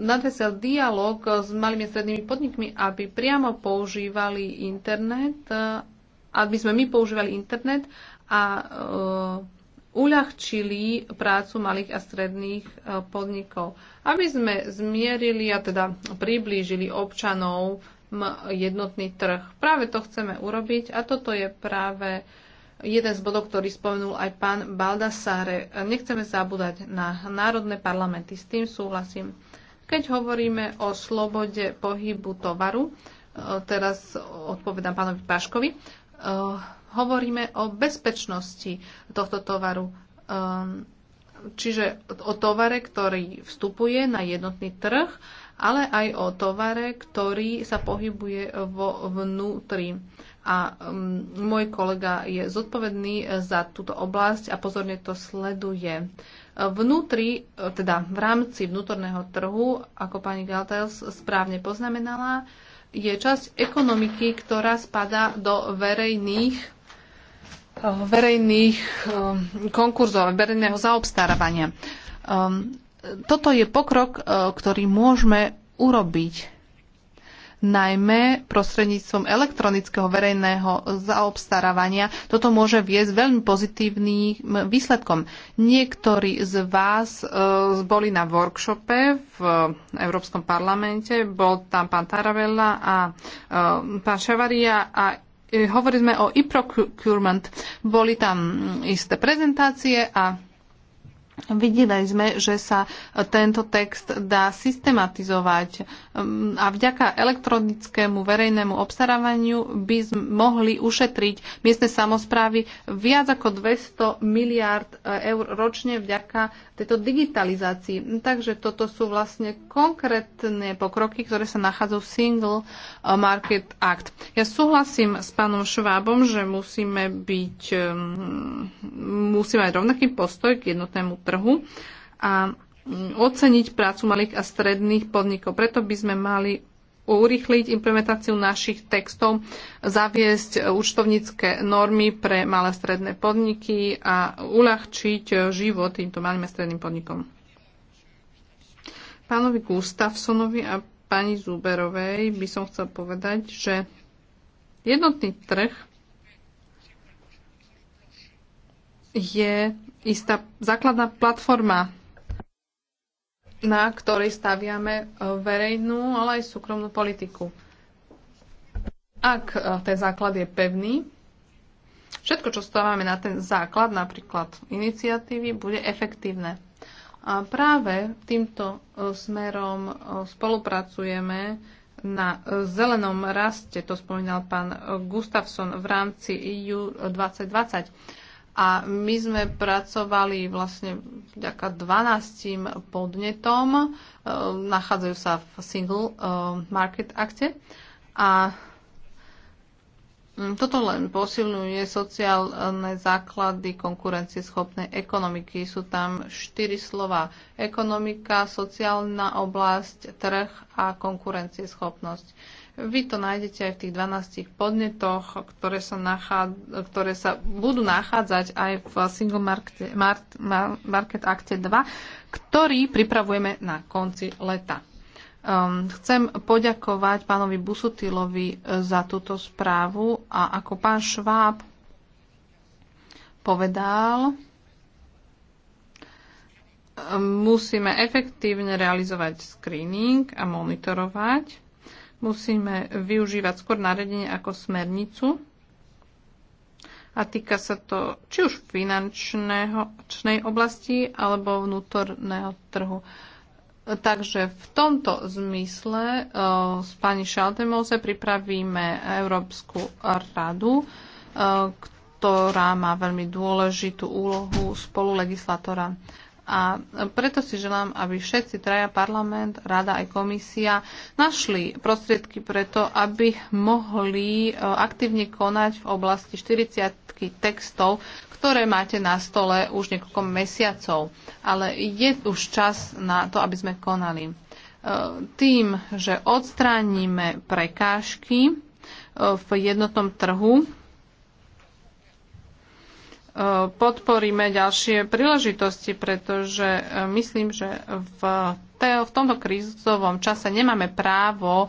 nadvesel dialog s malými a strednými podnikmi, aby priamo používali internet, eh, aby sme my používali internet a uľahčili prácu malých a stredných podnikov, aby sme zmierili a teda priblížili občanov jednotný trh. Práve to chceme urobiť a toto je práve jeden z bodov, ktorý spomenul aj pán Baldassare. Nechceme zabúdať na národné parlamenty, s tým súhlasím. Keď hovoríme o slobode pohybu tovaru, e, teraz odpovedám pánovi Paškovi, e, hovoríme o bezpečnosti tohto tovaru. E, čiže o tovare, ktorý vstupuje na jednotný trh ale aj o tovare, ktorý sa pohybuje vo vnútri. A um, môj kolega je zodpovedný za túto oblasť a pozorne to sleduje. Vnútri, teda v rámci vnútorného trhu, ako pani Galtels správne poznamenala, je časť ekonomiky, ktorá spada do verejných verejných um, konkurzov, verejného zaobstarávania. Um, toto je pokrok, e, ktorý môžeme urobiť najmä prostredníctvom elektronického verejného zaobstarávania. Toto môže viesť veľmi pozitívnym výsledkom. Niektorí z vás e, boli na workshope v Európskom parlamente, bol tam pán Taravella a e, pán Šavaria a hovorili sme o e-procurement. Boli tam isté prezentácie a Videli sme, že sa tento text dá systematizovať um, a vďaka elektronickému verejnému obstarávaniu by mohli ušetriť miestne samozprávy viac ako 200 miliard e, eur ročne vďaka tejto digitalizácii. Takže toto sú vlastne konkrétne pokroky, ktoré sa nachádzajú v Single Market Act. Ja súhlasím s pánom Švábom, že musíme byť um, musíme mať rovnaký postoj k jednotnému trhu a mm, oceniť prácu malých a stredných podnikov. Preto by sme mali urýchliť implementáciu našich textov, zaviesť e, účtovnícke normy pre malé a stredné podniky a uľahčiť e, život týmto malým a stredným podnikom. Pánovi Gustafsonovi a pani Zuberovej by som chcel povedať, že jednotný trh je istá základná platforma, na ktorej staviame e, verejnú, ale aj súkromnú politiku. Ak e, ten základ je pevný, všetko, čo stávame na ten základ, napríklad iniciatívy, bude efektívne. A práve týmto e, smerom spolupracujeme na zelenom raste, to spomínal pán Gustafsson v rámci EU 2020 a my sme pracovali vlastne vďaka 12 podnetom, e, nachádzajú sa v Single e, Market akte. a mm, toto len posilňuje sociálne základy konkurencieschopnej ekonomiky. Sú tam štyri slova. Ekonomika, sociálna oblasť, trh a konkurencieschopnosť. Vy to nájdete aj v tých 12 podnetoch, ktoré sa, nachád- ktoré sa budú nachádzať aj v Single Market, Market, Market Acte 2, ktorý pripravujeme na konci leta. Um, chcem poďakovať pánovi Busutilovi eh, za túto správu a ako pán Šváb povedal, eh, musíme efektívne realizovať screening a monitorovať musíme využívať skôr naredenie ako smernicu. A týka sa to či už finančnej oblasti alebo vnútorného trhu. Takže v tomto zmysle e, s pani Šaldemose pripravíme Európsku radu, e, ktorá má veľmi dôležitú úlohu spolulegislatora. A preto si želám, aby všetci traja parlament, rada aj komisia našli prostriedky preto, aby mohli e, aktívne konať v oblasti 40 textov, ktoré máte na stole už niekoľko mesiacov. Ale je už čas na to, aby sme konali. E, tým, že odstránime prekážky e, v jednotnom trhu, podporíme ďalšie príležitosti, pretože e, myslím, že v, v tomto krízovom čase nemáme právo e,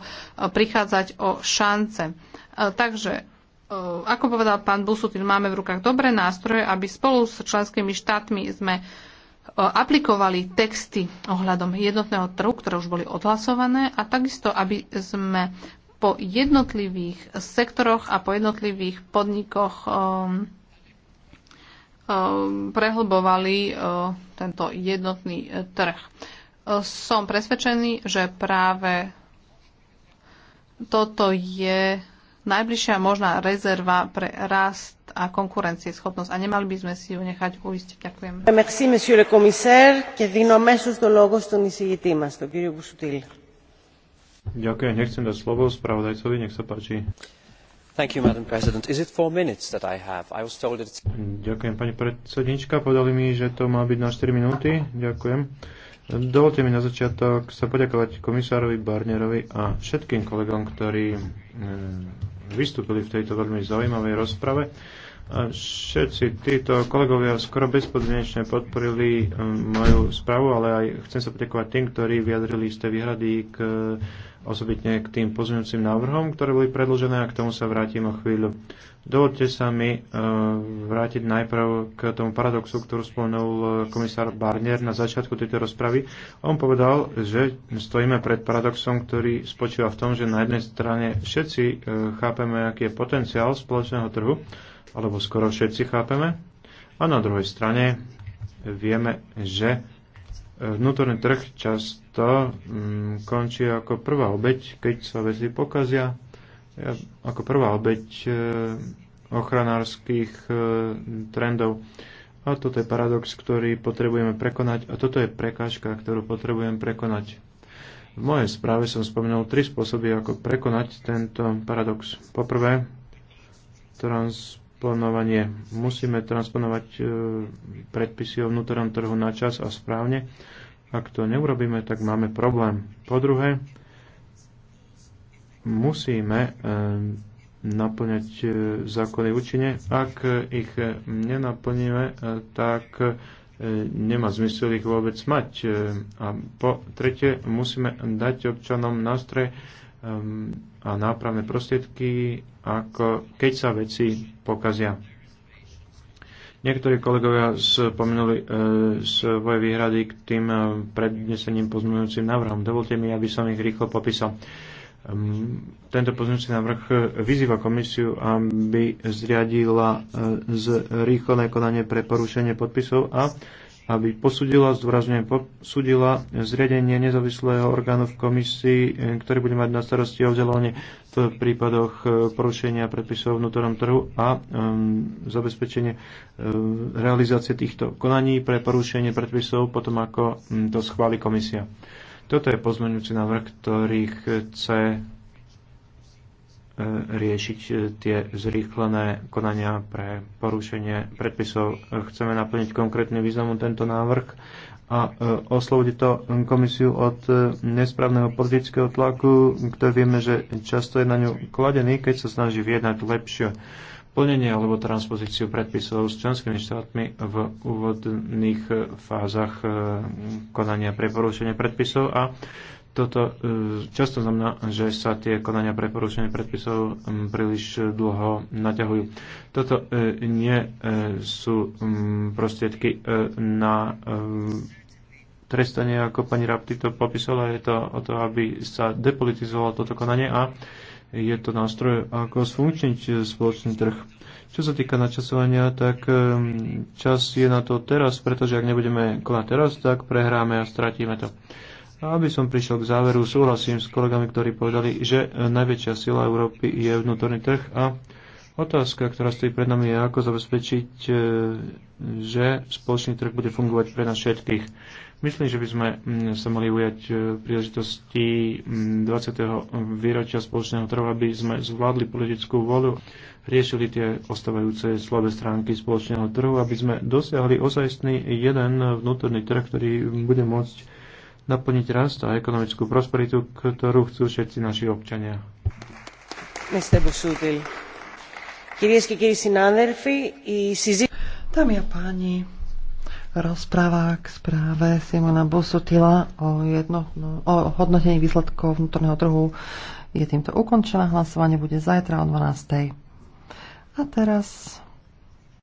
prichádzať o šance. E, takže, ako povedal pán Busutil, máme v rukách dobré nástroje, aby spolu s členskými štátmi sme aplikovali texty ohľadom jednotného trhu, ktoré už boli odhlasované a takisto, aby sme po jednotlivých sektoroch a po jednotlivých podnikoch um, Ehm, prehlbovali ehm, tento jednotný e, trh. E, som presvedčený, že práve toto je najbližšia možná rezerva pre rast a konkurencieschopnosť a nemali by sme si ju nechať uísť. Ďakujem. Eh, merci, monsieur le commissaire, και δίνω αμέσως το λόγο στον εισηγητή μας, τον κύριο Ďakujem, nechcem dať slovo spravodajcovi, nech sa páči. Ďakujem, pani predsednička. Povedali mi, že to má byť na 4 minúty. Ďakujem. Dovolte mi na začiatok sa poďakovať komisárovi Barnerovi a všetkým kolegom, ktorí eh, vystúpili v tejto veľmi zaujímavej rozprave. A všetci títo kolegovia skoro bezpodmienečne podporili e, moju správu, ale aj chcem sa poďakovať tým, ktorí vyjadrili ste výhrady k, osobitne k tým pozmeňujúcim návrhom, ktoré boli predložené a k tomu sa vrátim o chvíľu. Dovolte sa mi e, vrátiť najprv k tomu paradoxu, ktorú spomenul e, komisár Barnier na začiatku tejto rozpravy. On povedal, že stojíme pred paradoxom, ktorý spočíva v tom, že na jednej strane všetci chápeme, aký je potenciál spoločného trhu, alebo skoro všetci chápeme. A na druhej strane vieme, že e, vnútorný trh často mm, končí ako prvá obeď, keď sa veci pokazia, e, ako prvá obeď e, ochranárskych e, trendov. A toto je paradox, ktorý potrebujeme prekonať a toto je prekážka, ktorú potrebujeme prekonať. V mojej správe som spomenul tri spôsoby, ako prekonať tento paradox. Poprvé, trans plánovanie. Musíme transponovať e, predpisy o vnútornom trhu na čas a správne. Ak to neurobíme, tak máme problém. Po druhé, musíme e, naplňať e, zákony účinne. Ak ich nenaplníme, tak nemá zmysel ich vôbec mať. A po tretie, musíme dať občanom nástroje, a nápravné prostriedky, ako keď sa veci pokazia. Niektorí kolegovia spomenuli e, svoje výhrady k tým e, prednesením pozmeňujúcim návrhom. Dovolte mi, aby som ich rýchlo popísal. Tento pozmeňujúci návrh vyzýva komisiu, aby zriadila e, zrýchlené konanie pre porušenie podpisov a aby posudila, zdôrazňujem, posudila zriadenie nezávislého orgánu v komisii, eh, ktorý bude mať na starosti oddelovanie v prípadoch eh, porušenia predpisov vnútornom trhu a um, zabezpečenie um, realizácie týchto konaní pre porušenie predpisov potom, ako um, to schváli komisia. Toto je pozmeňujúci návrh, ktorý chce riešiť e, tie zrýchlené konania pre porušenie predpisov. Chceme naplniť konkrétny význam tento návrh a e, oslobodiť to komisiu od e, nesprávneho politického tlaku, ktorý vieme, že často je na ňu kladený, keď sa snaží vyjednať lepšie plnenie alebo transpozíciu predpisov s členskými štátmi v úvodných fázach konania pre porušenie predpisov a toto e, často znamená, že sa tie konania pre predpisov príliš dlho naťahujú. Toto e, nie e, sú prostriedky na trestanie, ako pani Rapti to popísala. Je to o to, aby sa depolitizovalo toto konanie a je to nástroj, ako sfunkčniť spoločný trh. Čo sa týka načasovania, tak čas je na to teraz, pretože ak nebudeme konať teraz, tak prehráme a stratíme to. A aby som prišiel k záveru, súhlasím s kolegami, ktorí povedali, že najväčšia sila Európy je vnútorný trh a otázka, ktorá stojí pred nami, je ako zabezpečiť, e, že spoločný trh bude fungovať pre nás všetkých. Myslím, že by sme sa mali ujať e, príležitosti 20. výročia spoločného trhu, aby sme zvládli politickú voľu, riešili tie ostávajúce slabé stránky spoločného trhu, aby sme dosiahli osajstný jeden vnútorný trh, ktorý bude môcť naplniť rast a ekonomickú prosperitu, ktorú chcú všetci naši občania. Dámy a páni, rozpráva k správe Simona Busutila o, jedno, no, o hodnotení výsledkov vnútorného trhu je týmto ukončená. Hlasovanie bude zajtra o 12. A teraz